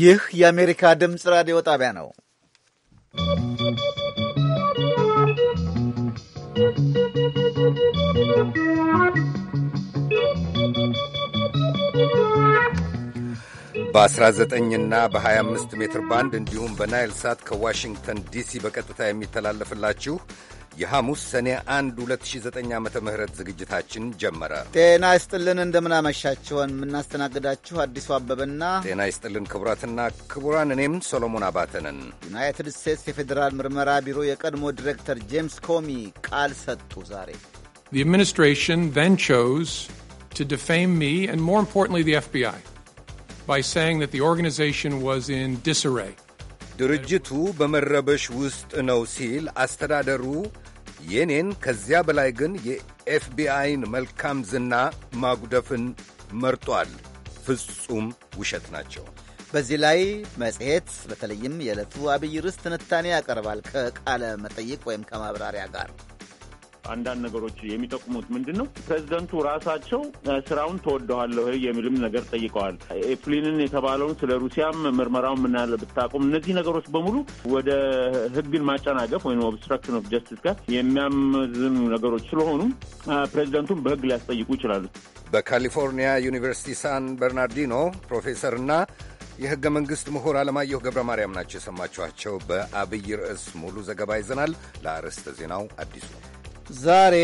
ይህ የአሜሪካ ድምፅ ራዲዮ ጣቢያ ነው። በ19 እና በ25 ሜትር ባንድ እንዲሁም በናይል ሳት ከዋሽንግተን ዲሲ በቀጥታ የሚተላለፍላችሁ የሐሙስ ሰኔ 1 2009 ዓ ም ዝግጅታችን ጀመረ። ጤና ይስጥልን፣ እንደምናመሻችሁን የምናስተናግዳችሁ አዲሱ አበበና ጤና ይስጥልን ክቡራትና ክቡራን፣ እኔም ሶሎሞን አባተንን። ዩናይትድ ስቴትስ የፌዴራል ምርመራ ቢሮ የቀድሞ ዲሬክተር ጄምስ ኮሚ ቃል ሰጡ ዛሬ The administration then chose to defame me and more importantly the FBI by saying that the organization was in disarray ድርጅቱ በመረበሽ ውስጥ ነው ሲል አስተዳደሩ የኔን ከዚያ በላይ ግን የኤፍቢአይን መልካም ዝና ማጉደፍን መርጧል። ፍጹም ውሸት ናቸው። በዚህ ላይ መጽሔት በተለይም የዕለቱ አብይ ርዕስ ትንታኔ ያቀርባል ከቃለ መጠይቅ ወይም ከማብራሪያ ጋር አንዳንድ ነገሮች የሚጠቁሙት ምንድን ነው? ፕሬዚደንቱ ራሳቸው ስራውን ተወደዋለሁ የሚልም ነገር ጠይቀዋል። ኤፕሊንን የተባለውን ስለ ሩሲያም ምርመራውን ምናለ ብታቆም እነዚህ ነገሮች በሙሉ ወደ ህግን ማጨናገፍ ወይም ኦብስትራክሽን ኦፍ ጀስቲስ ጋር የሚያመዝኑ ነገሮች ስለሆኑ ፕሬዚደንቱን በህግ ሊያስጠይቁ ይችላሉ። በካሊፎርኒያ ዩኒቨርሲቲ ሳን በርናርዲኖ ፕሮፌሰርና የህገ መንግሥት ምሁር አለማየሁ ገብረ ማርያም ናቸው የሰማችኋቸው። በአብይ ርዕስ ሙሉ ዘገባ ይዘናል። ለአርዕስተ ዜናው አዲሱ ዛሬ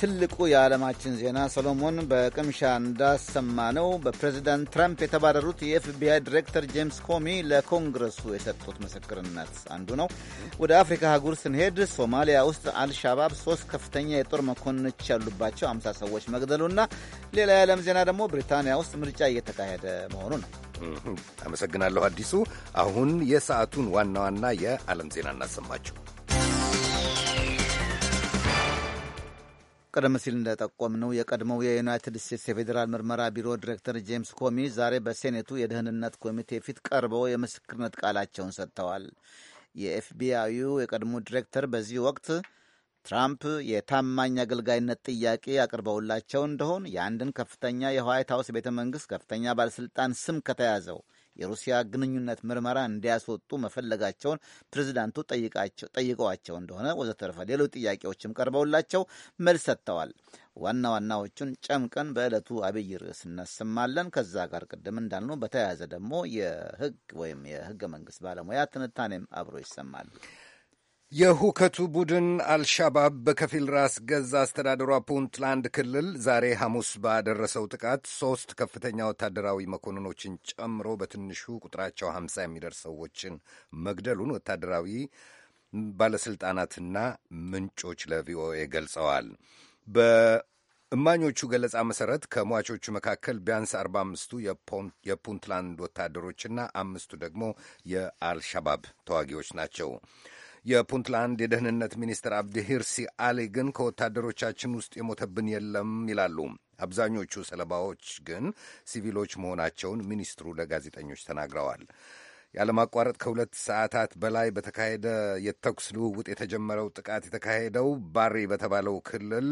ትልቁ የዓለማችን ዜና ሰሎሞን በቅምሻ እንዳሰማ ነው። በፕሬዚዳንት ትራምፕ የተባረሩት የኤፍቢአይ ዲሬክተር ጄምስ ኮሚ ለኮንግረሱ የሰጡት ምስክርነት አንዱ ነው። ወደ አፍሪካ አህጉር ስንሄድ ሶማሊያ ውስጥ አልሻባብ ሶስት ከፍተኛ የጦር መኮንኖች ያሉባቸው 50 ሰዎች መግደሉና ሌላ የዓለም ዜና ደግሞ ብሪታንያ ውስጥ ምርጫ እየተካሄደ መሆኑ ነው። አመሰግናለሁ አዲሱ። አሁን የሰዓቱን ዋና ዋና የዓለም ዜና እናሰማችሁ። ቀደም ሲል እንደጠቆምነው የቀድሞው የዩናይትድ ስቴትስ የፌዴራል ምርመራ ቢሮ ዲሬክተር ጄምስ ኮሚ ዛሬ በሴኔቱ የደህንነት ኮሚቴ ፊት ቀርበው የምስክርነት ቃላቸውን ሰጥተዋል። የኤፍቢአዩ የቀድሞ ዲሬክተር በዚህ ወቅት ትራምፕ የታማኝ አገልጋይነት ጥያቄ አቅርበውላቸው እንደሆን የአንድን ከፍተኛ የዋይት ሀውስ ቤተ መንግሥት ከፍተኛ ባለሥልጣን ስም ከተያዘው የሩሲያ ግንኙነት ምርመራ እንዲያስወጡ መፈለጋቸውን ፕሬዚዳንቱ ጠይቀዋቸው እንደሆነ ወዘተረፈ ሌሎች ጥያቄዎችም ቀርበውላቸው መልስ ሰጥተዋል። ዋና ዋናዎቹን ጨምቀን በዕለቱ አብይ ርዕስ እናሰማለን። ከዛ ጋር ቅድም እንዳልኑ በተያያዘ ደግሞ የህግ ወይም የህገ መንግስት ባለሙያ ትንታኔም አብሮ ይሰማል። የሁከቱ ቡድን አልሻባብ በከፊል ራስ ገዛ አስተዳደሯ ፑንትላንድ ክልል ዛሬ ሐሙስ ባደረሰው ጥቃት ሦስት ከፍተኛ ወታደራዊ መኮንኖችን ጨምሮ በትንሹ ቁጥራቸው ሀምሳ የሚደርስ ሰዎችን መግደሉን ወታደራዊ ባለሥልጣናትና ምንጮች ለቪኦኤ ገልጸዋል። በእማኞቹ ገለጻ መሠረት ከሟቾቹ መካከል ቢያንስ አርባ አምስቱ የፑንትላንድ ወታደሮችና አምስቱ ደግሞ የአልሻባብ ተዋጊዎች ናቸው። የፑንትላንድ የደህንነት ሚኒስትር አብዲ ሂርሲ አሊ ግን ከወታደሮቻችን ውስጥ የሞተብን የለም ይላሉ። አብዛኞቹ ሰለባዎች ግን ሲቪሎች መሆናቸውን ሚኒስትሩ ለጋዜጠኞች ተናግረዋል። ያለማቋረጥ ከሁለት ሰዓታት በላይ በተካሄደ የተኩስ ልውውጥ የተጀመረው ጥቃት የተካሄደው ባሪ በተባለው ክልል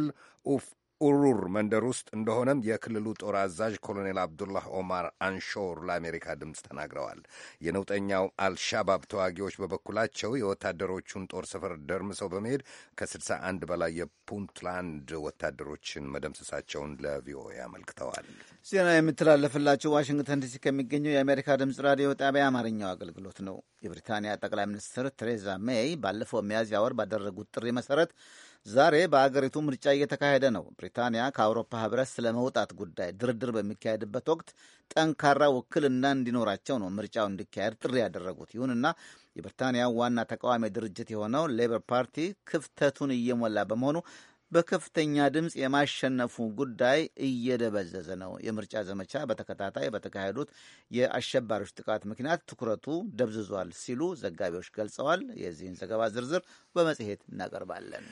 ኡፍ ኡሩር መንደር ውስጥ እንደሆነም የክልሉ ጦር አዛዥ ኮሎኔል አብዱላህ ኦማር አንሾር ለአሜሪካ ድምፅ ተናግረዋል። የነውጠኛው አልሻባብ ተዋጊዎች በበኩላቸው የወታደሮቹን ጦር ሰፈር ደርምሰው በመሄድ ከ61 በላይ የፑንትላንድ ወታደሮችን መደምሰሳቸውን ለቪኦኤ አመልክተዋል። ዜና የምትላለፍላቸው ዋሽንግተን ዲሲ ከሚገኘው የአሜሪካ ድምፅ ራዲዮ ጣቢያ አማርኛው አገልግሎት ነው። የብሪታንያ ጠቅላይ ሚኒስትር ቴሬዛ ሜይ ባለፈው ሚያዝያ ወር ባደረጉት ጥሪ መሰረት ዛሬ በአገሪቱ ምርጫ እየተካሄደ ነው። ብሪታንያ ከአውሮፓ ህብረት ስለ መውጣት ጉዳይ ድርድር በሚካሄድበት ወቅት ጠንካራ ውክልና እንዲኖራቸው ነው ምርጫው እንዲካሄድ ጥሪ ያደረጉት። ይሁንና የብሪታንያ ዋና ተቃዋሚ ድርጅት የሆነው ሌበር ፓርቲ ክፍተቱን እየሞላ በመሆኑ በከፍተኛ ድምፅ የማሸነፉ ጉዳይ እየደበዘዘ ነው። የምርጫ ዘመቻ በተከታታይ በተካሄዱት የአሸባሪዎች ጥቃት ምክንያት ትኩረቱ ደብዝዟል ሲሉ ዘጋቢዎች ገልጸዋል። የዚህን ዘገባ ዝርዝር በመጽሔት እናቀርባለን።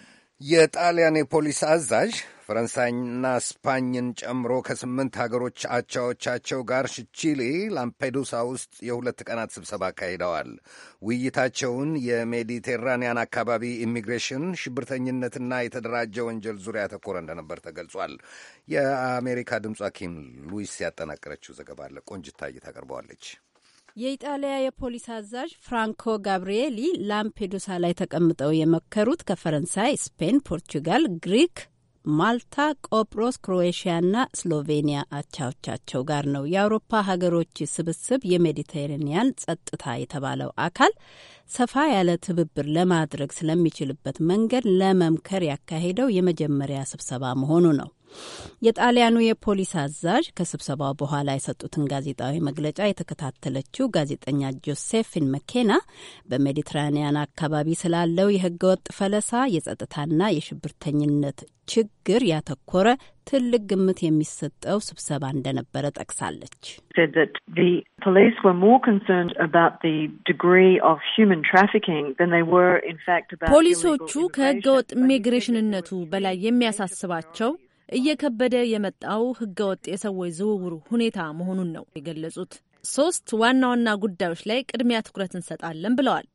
የጣሊያን የፖሊስ አዛዥ ፈረንሳይና ስፓኝን ጨምሮ ከስምንት ሀገሮች አቻዎቻቸው ጋር ሽቺሊ ላምፔዱሳ ውስጥ የሁለት ቀናት ስብሰባ አካሂደዋል። ውይይታቸውን የሜዲቴራንያን አካባቢ ኢሚግሬሽን፣ ሽብርተኝነትና የተደራጀ ወንጀል ዙሪያ ያተኮረ እንደነበር ተገልጿል። የአሜሪካ ድምጿ ኪም ሉዊስ ያጠናቀረችው ዘገባ አለ ቆንጅታ ታቀርበዋለች። የኢጣሊያ የፖሊስ አዛዥ ፍራንኮ ጋብርኤሊ ላምፔዱሳ ላይ ተቀምጠው የመከሩት ከፈረንሳይ፣ ስፔን፣ ፖርቹጋል፣ ግሪክ፣ ማልታ፣ ቆጵሮስ፣ ክሮኤሽያ እና ስሎቬኒያ አቻዎቻቸው ጋር ነው። የአውሮፓ ሀገሮች ስብስብ የሜዲቴሬኒያን ጸጥታ የተባለው አካል ሰፋ ያለ ትብብር ለማድረግ ስለሚችልበት መንገድ ለመምከር ያካሄደው የመጀመሪያ ስብሰባ መሆኑ ነው። የጣሊያኑ የፖሊስ አዛዥ ከስብሰባው በኋላ የሰጡትን ጋዜጣዊ መግለጫ የተከታተለችው ጋዜጠኛ ጆሴፊን መኬና በሜዲትራኒያን አካባቢ ስላለው የህገወጥ ፈለሳ የጸጥታና የሽብርተኝነት ችግር ያተኮረ ትልቅ ግምት የሚሰጠው ስብሰባ እንደነበረ ጠቅሳለች። ፖሊሶቹ ከህገወጥ ኢሚግሬሽንነቱ በላይ የሚያሳስባቸው እየከበደ የመጣው ህገወጥ የሰዎች ዝውውሩ ሁኔታ መሆኑን ነው የገለጹት። ሶስት ዋና ዋና ጉዳዮች ላይ ቅድሚያ ትኩረት እንሰጣለን ብለዋል።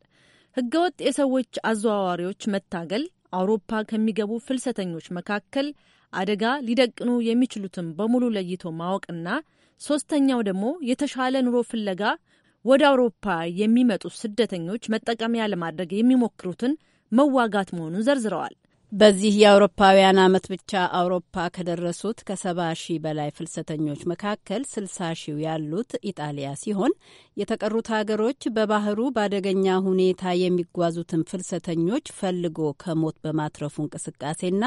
ህገወጥ የሰዎች አዘዋዋሪዎች መታገል፣ አውሮፓ ከሚገቡ ፍልሰተኞች መካከል አደጋ ሊደቅኑ የሚችሉትን በሙሉ ለይቶ ማወቅና ሶስተኛው ደግሞ የተሻለ ኑሮ ፍለጋ ወደ አውሮፓ የሚመጡ ስደተኞች መጠቀሚያ ለማድረግ የሚሞክሩትን መዋጋት መሆኑን ዘርዝረዋል። በዚህ የአውሮፓውያን ዓመት ብቻ አውሮፓ ከደረሱት ከሰባ ሺህ በላይ ፍልሰተኞች መካከል ስልሳ ሺው ያሉት ኢጣሊያ ሲሆን የተቀሩት ሀገሮች በባህሩ በአደገኛ ሁኔታ የሚጓዙትን ፍልሰተኞች ፈልጎ ከሞት በማትረፉ እንቅስቃሴና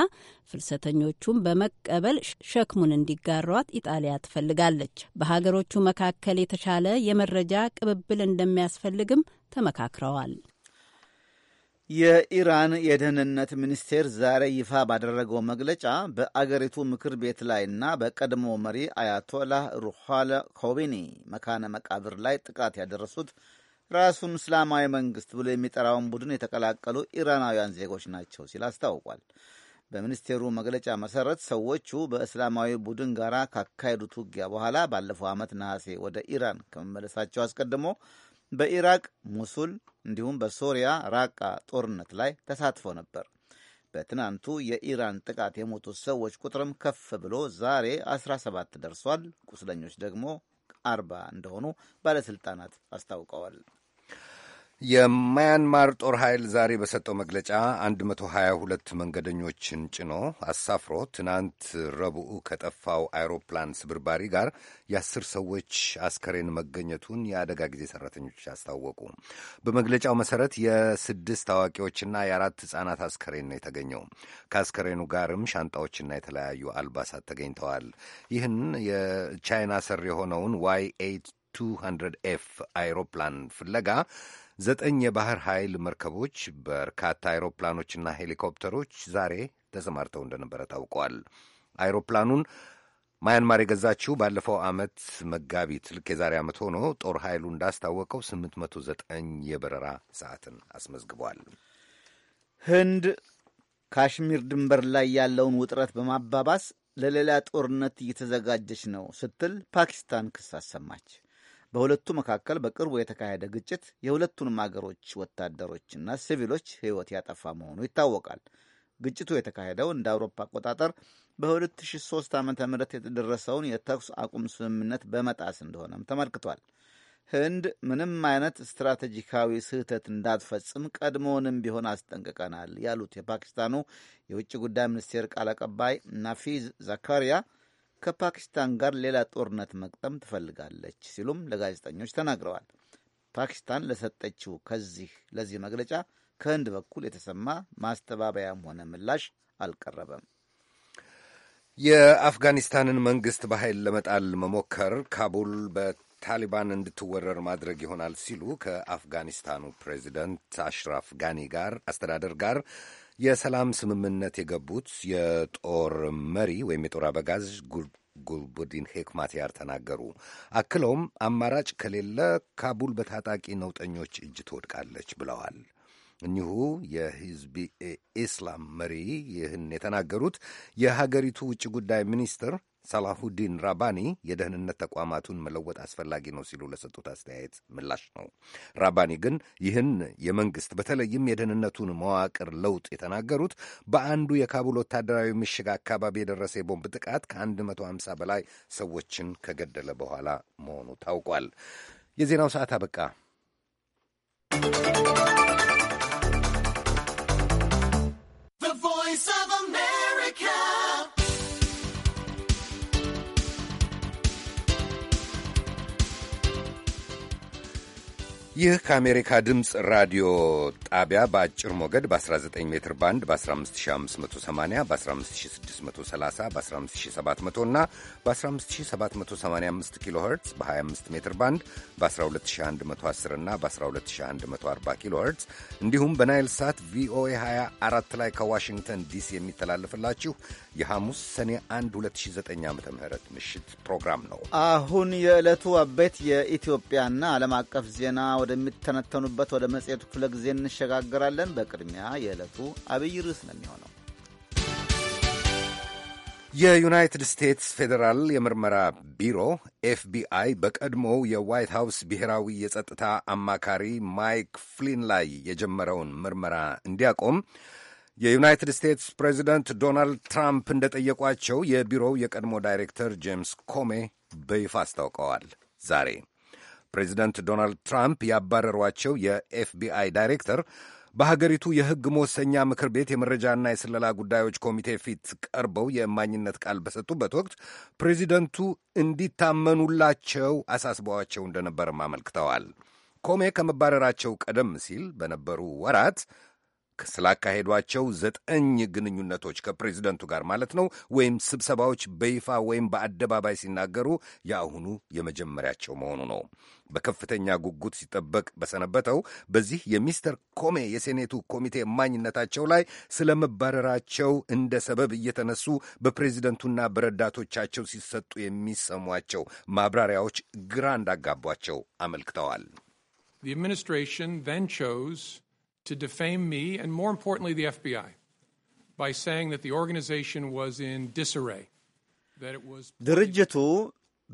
ፍልሰተኞቹን በመቀበል ሸክሙን እንዲጋሯት ኢጣሊያ ትፈልጋለች። በሀገሮቹ መካከል የተሻለ የመረጃ ቅብብል እንደሚያስፈልግም ተመካክረዋል። የኢራን የደህንነት ሚኒስቴር ዛሬ ይፋ ባደረገው መግለጫ በአገሪቱ ምክር ቤት ላይና በቀድሞ መሪ አያቶላህ ሩኋላ ኮቢኒ መካነ መቃብር ላይ ጥቃት ያደረሱት ራሱን እስላማዊ መንግስት ብሎ የሚጠራውን ቡድን የተቀላቀሉ ኢራናውያን ዜጎች ናቸው ሲል አስታውቋል። በሚኒስቴሩ መግለጫ መሰረት ሰዎቹ በእስላማዊ ቡድን ጋር ካካሄዱት ውጊያ በኋላ ባለፈው ዓመት ነሐሴ ወደ ኢራን ከመመለሳቸው አስቀድሞ በኢራቅ ሙሱል እንዲሁም በሶሪያ ራቃ ጦርነት ላይ ተሳትፎ ነበር። በትናንቱ የኢራን ጥቃት የሞቱት ሰዎች ቁጥርም ከፍ ብሎ ዛሬ 17 ደርሷል። ቁስለኞች ደግሞ አርባ እንደሆኑ ባለሥልጣናት አስታውቀዋል። የማያንማር ጦር ኃይል ዛሬ በሰጠው መግለጫ 122 መንገደኞችን ጭኖ አሳፍሮ ትናንት ረቡዕ ከጠፋው አይሮፕላን ስብርባሪ ጋር የአስር ሰዎች አስከሬን መገኘቱን የአደጋ ጊዜ ሰራተኞች አስታወቁ። በመግለጫው መሰረት የስድስት አዋቂዎችና የአራት ሕፃናት አስከሬን ነው የተገኘው። ከአስከሬኑ ጋርም ሻንጣዎችና የተለያዩ አልባሳት ተገኝተዋል። ይህን የቻይና ሰር የሆነውን ዋይ ኤይት 200 ኤፍ አይሮፕላን ፍለጋ ዘጠኝ የባህር ኃይል መርከቦች በርካታ አይሮፕላኖችና ሄሊኮፕተሮች ዛሬ ተሰማርተው እንደነበረ ታውቋል። አይሮፕላኑን ማያንማር የገዛችው ባለፈው ዓመት መጋቢት ልክ የዛሬ ዓመት ሆኖ ጦር ኃይሉ እንዳስታወቀው 809 የበረራ ሰዓትን አስመዝግቧል። ህንድ ካሽሚር ድንበር ላይ ያለውን ውጥረት በማባባስ ለሌላ ጦርነት እየተዘጋጀች ነው ስትል ፓኪስታን ክስ አሰማች። በሁለቱ መካከል በቅርቡ የተካሄደ ግጭት የሁለቱንም አገሮች ወታደሮችና ሲቪሎች ሕይወት ያጠፋ መሆኑ ይታወቃል። ግጭቱ የተካሄደው እንደ አውሮፓ አቆጣጠር በ2003 ዓ ም የተደረሰውን የተኩስ አቁም ስምምነት በመጣስ እንደሆነም ተመልክቷል። ህንድ ምንም አይነት ስትራቴጂካዊ ስህተት እንዳትፈጽም ቀድሞውንም ቢሆን አስጠንቅቀናል ያሉት የፓኪስታኑ የውጭ ጉዳይ ሚኒስቴር ቃል አቀባይ ናፊዝ ዘካሪያ ከፓኪስታን ጋር ሌላ ጦርነት መቅጠም ትፈልጋለች ሲሉም ለጋዜጠኞች ተናግረዋል። ፓኪስታን ለሰጠችው ከዚህ ለዚህ መግለጫ ከህንድ በኩል የተሰማ ማስተባበያም ሆነ ምላሽ አልቀረበም። የአፍጋኒስታንን መንግሥት በኃይል ለመጣል መሞከር ካቡል በታሊባን እንድትወረር ማድረግ ይሆናል ሲሉ ከአፍጋኒስታኑ ፕሬዚደንት አሽራፍ ጋኒ ጋር አስተዳደር ጋር የሰላም ስምምነት የገቡት የጦር መሪ ወይም የጦር አበጋዝ ጉልቡዲን ሄክማትያር ተናገሩ። አክለውም አማራጭ ከሌለ ካቡል በታጣቂ ነውጠኞች እጅ ትወድቃለች ብለዋል። እኚሁ የሂዝቢ ኢስላም መሪ ይህን የተናገሩት የሀገሪቱ ውጭ ጉዳይ ሚኒስትር ሳላሁዲን ራባኒ የደህንነት ተቋማቱን መለወጥ አስፈላጊ ነው ሲሉ ለሰጡት አስተያየት ምላሽ ነው። ራባኒ ግን ይህን የመንግስት በተለይም የደህንነቱን መዋቅር ለውጥ የተናገሩት በአንዱ የካቡል ወታደራዊ ምሽግ አካባቢ የደረሰ የቦምብ ጥቃት ከ150 በላይ ሰዎችን ከገደለ በኋላ መሆኑ ታውቋል። የዜናው ሰዓት አበቃ። ይህ ከአሜሪካ ድምፅ ራዲዮ ጣቢያ በአጭር ሞገድ በ19 ሜትር ባንድ በ15580 በ15630 በ15700 እና በ15785 ኪሎ ኸርትዝ በ25 ሜትር ባንድ በ12110 እና በ12140 ኪሎ ኸርትዝ እንዲሁም በናይል ሳት ቪኦኤ 24 ላይ ከዋሽንግተን ዲሲ የሚተላለፍላችሁ የሐሙስ ሰኔ 1 2009 ዓ ም ምሽት ፕሮግራም ነው። አሁን የዕለቱ አበይት የኢትዮጵያና ዓለም አቀፍ ዜና ወደሚተነተኑበት ወደ መጽሔቱ ክፍለ ጊዜ እንሸጋግራለን። በቅድሚያ የዕለቱ አብይ ርዕስ ነው የሚሆነው የዩናይትድ ስቴትስ ፌዴራል የምርመራ ቢሮ ኤፍቢአይ በቀድሞው የዋይት ሃውስ ብሔራዊ የጸጥታ አማካሪ ማይክ ፍሊን ላይ የጀመረውን ምርመራ እንዲያቆም የዩናይትድ ስቴትስ ፕሬዚደንት ዶናልድ ትራምፕ እንደጠየቋቸው የቢሮው የቀድሞ ዳይሬክተር ጄምስ ኮሜ በይፋ አስታውቀዋል። ዛሬ ፕሬዚደንት ዶናልድ ትራምፕ ያባረሯቸው የኤፍቢአይ ዳይሬክተር በሀገሪቱ የሕግ መወሰኛ ምክር ቤት የመረጃና የስለላ ጉዳዮች ኮሚቴ ፊት ቀርበው የእማኝነት ቃል በሰጡበት ወቅት ፕሬዚደንቱ እንዲታመኑላቸው አሳስበዋቸው እንደነበርም አመልክተዋል። ኮሜ ከመባረራቸው ቀደም ሲል በነበሩ ወራት ስላካሄዷቸው ዘጠኝ ግንኙነቶች ከፕሬዚደንቱ ጋር ማለት ነው ወይም ስብሰባዎች በይፋ ወይም በአደባባይ ሲናገሩ የአሁኑ የመጀመሪያቸው መሆኑ ነው። በከፍተኛ ጉጉት ሲጠበቅ በሰነበተው በዚህ የሚስተር ኮሜ የሴኔቱ ኮሚቴ እማኝነታቸው ላይ ስለ መባረራቸው እንደ ሰበብ እየተነሱ በፕሬዚደንቱና በረዳቶቻቸው ሲሰጡ የሚሰሟቸው ማብራሪያዎች ግራ እንዳጋቧቸው አመልክተዋል። The administration then chose to defame me and, more importantly, the FBI by saying that the organization was in disarray, that it was. ድርጅቱ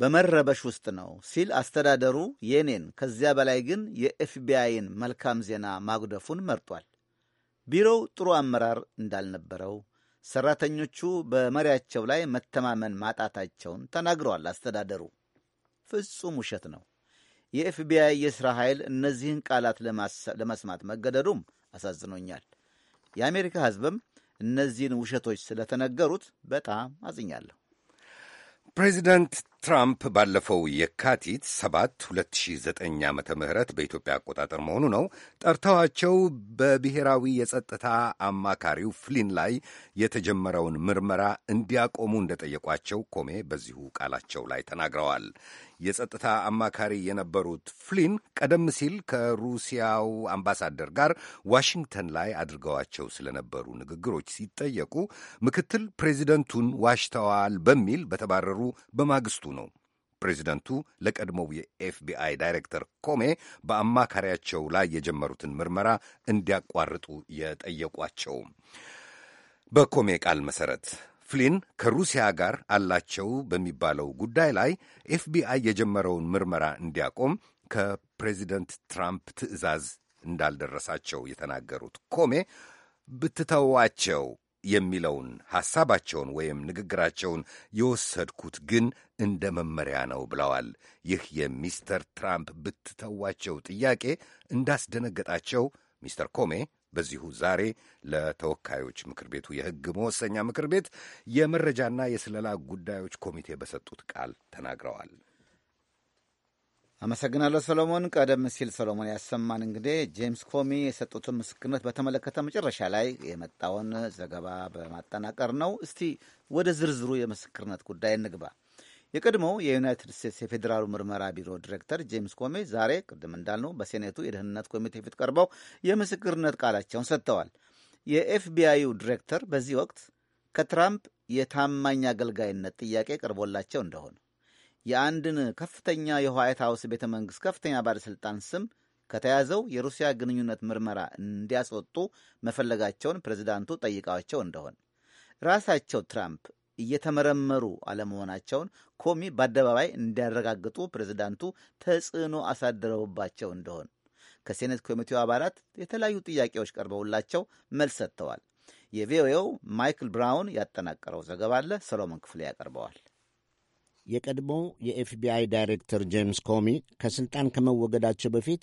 በመረበሽ ውስጥ ነው ሲል አስተዳደሩ የኔን ከዚያ በላይ ግን የኤፍቢአይን መልካም ዜና ማጉደፉን መርጧል። ቢሮው ጥሩ አመራር እንዳልነበረው፣ ሰራተኞቹ በመሪያቸው ላይ መተማመን ማጣታቸውን ተናግረዋል። አስተዳደሩ ፍጹም ውሸት ነው። የኤፍቢአይ የሥራ ኃይል እነዚህን ቃላት ለመስማት መገደዱም አሳዝኖኛል። የአሜሪካ ሕዝብም እነዚህን ውሸቶች ስለተነገሩት በጣም አዝኛለሁ። ፕሬዚደንት ትራምፕ ባለፈው የካቲት 7 2009 ዓ ም በኢትዮጵያ አቆጣጠር መሆኑ ነው ጠርተዋቸው በብሔራዊ የጸጥታ አማካሪው ፍሊን ላይ የተጀመረውን ምርመራ እንዲያቆሙ እንደጠየቋቸው ኮሜ በዚሁ ቃላቸው ላይ ተናግረዋል። የጸጥታ አማካሪ የነበሩት ፍሊን ቀደም ሲል ከሩሲያው አምባሳደር ጋር ዋሽንግተን ላይ አድርገዋቸው ስለነበሩ ንግግሮች ሲጠየቁ ምክትል ፕሬዚደንቱን ዋሽተዋል በሚል በተባረሩ በማግስቱ ነው። ፕሬዚደንቱ ለቀድሞው የኤፍቢአይ ዳይሬክተር ኮሜ በአማካሪያቸው ላይ የጀመሩትን ምርመራ እንዲያቋርጡ የጠየቋቸው በኮሜ ቃል መሰረት ፍሊን ከሩሲያ ጋር አላቸው በሚባለው ጉዳይ ላይ ኤፍቢአይ የጀመረውን ምርመራ እንዲያቆም ከፕሬዚደንት ትራምፕ ትዕዛዝ እንዳልደረሳቸው የተናገሩት ኮሜ ብትተዋቸው የሚለውን ሐሳባቸውን ወይም ንግግራቸውን የወሰድኩት ግን እንደ መመሪያ ነው ብለዋል። ይህ የሚስተር ትራምፕ ብትተዋቸው ጥያቄ እንዳስደነገጣቸው ሚስተር ኮሜ በዚሁ ዛሬ ለተወካዮች ምክር ቤቱ የሕግ መወሰኛ ምክር ቤት የመረጃና የስለላ ጉዳዮች ኮሚቴ በሰጡት ቃል ተናግረዋል። አመሰግናለሁ ሰሎሞን። ቀደም ሲል ሰሎሞን ያሰማን እንግዲህ ጄምስ ኮሚ የሰጡትን ምስክርነት በተመለከተ መጨረሻ ላይ የመጣውን ዘገባ በማጠናቀር ነው። እስቲ ወደ ዝርዝሩ የምስክርነት ጉዳይ እንግባ። የቀድሞው የዩናይትድ ስቴትስ የፌዴራሉ ምርመራ ቢሮ ዲሬክተር ጄምስ ኮሜ ዛሬ ቅድም እንዳልነው በሴኔቱ የደህንነት ኮሚቴ ፊት ቀርበው የምስክርነት ቃላቸውን ሰጥተዋል። የኤፍቢአዩ ዲሬክተር በዚህ ወቅት ከትራምፕ የታማኝ አገልጋይነት ጥያቄ ቀርቦላቸው እንደሆነ የአንድን ከፍተኛ የዋይት ሀውስ ቤተ መንግሥት ከፍተኛ ባለሥልጣን ስም ከተያዘው የሩሲያ ግንኙነት ምርመራ እንዲያስወጡ መፈለጋቸውን ፕሬዚዳንቱ ጠይቀዋቸው እንደሆን ራሳቸው ትራምፕ እየተመረመሩ አለመሆናቸውን ኮሚ በአደባባይ እንዲያረጋግጡ ፕሬዚዳንቱ ተጽዕኖ አሳድረውባቸው እንደሆን ከሴኔት ኮሚቴው አባላት የተለያዩ ጥያቄዎች ቀርበውላቸው መልስ ሰጥተዋል። የቪኦኤው ማይክል ብራውን ያጠናቀረው ዘገባ አለ። ሰሎሞን ክፍሌ ያቀርበዋል። የቀድሞው የኤፍቢአይ ዳይሬክተር ጄምስ ኮሚ ከሥልጣን ከመወገዳቸው በፊት